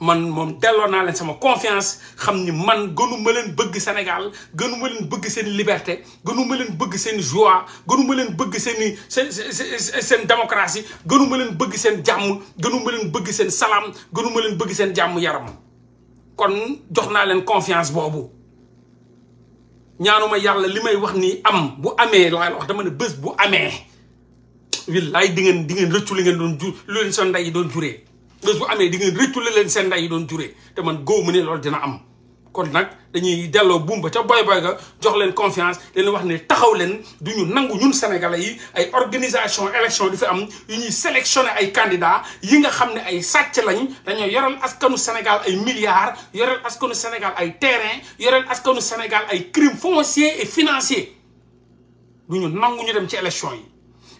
man moom delloo naa leen sama confiance xam ni man gënu ma leen bëgg Sénégal gënu ma leen bëgg seen liberté gënu ma leen bëgg seen joie gënu ma leen bëgg seen seen gënuma leen bëgg seen jàmm gënu ma leen bëgg seen salaam gënuma leen bëgg seen jàmm yaram kon jox naa leen confiance boobu ñaanuma yàlla li may wax nii am bu amee laa wax dama ne bés bu amee willaay di ngeen di ngeen rëccu li ngeen doon jur lu leen seen ndey yi doon juree bés bu amee di ngeen rëccu la leen seen nday yi doon juree te man góob mu ne loolu dina am. kon nag dañuy delloo ba ca boy boy ga jox leen confiance leen wax ne taxaw leen du ñu nangu ñun sénégalais yi ay organisation élection di fi am yu ñuy sélectionné ay candidats yi nga xam ne ay sàcc lañ dañoo yoral askanu Sénégal ay milliards yoral askanu Sénégal ay terrain yoral askanu Sénégal ay crime foncier et financier ñu nangu ñu dem ci élection yi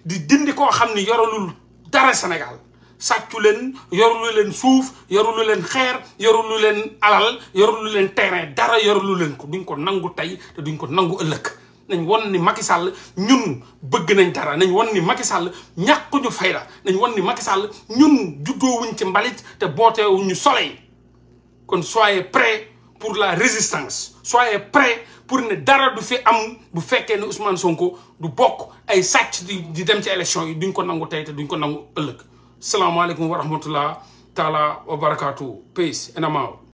di dindi koo xam ne yoralul dara Sénégal sàccu leen yorulu leen suuf yorulu leen xeer yorulu leen alal yorulu leen terrain dara yorulu leen ko duñ ko nangu tey te duñ ko nangu ëllëg nañ wan ni Macky Sall ñun bëgg nañ dara nañ wan ni Macky Sall ñàkkuñu fayda nañ won ni Macky Sall ñun juddoowuñ ci mbalit te ñu soleil kon soyez prêts pour la résistance soyez prêts pour ne dara du fi am bu fekkee ne Ousmane Sonko du bokk ay sàcc di dem ci élection yi duñ ko nangu tey te duñ ko nangu ëllëg salaamaaleykum wa rahmatullah taala wa barakaatu peace and I'm out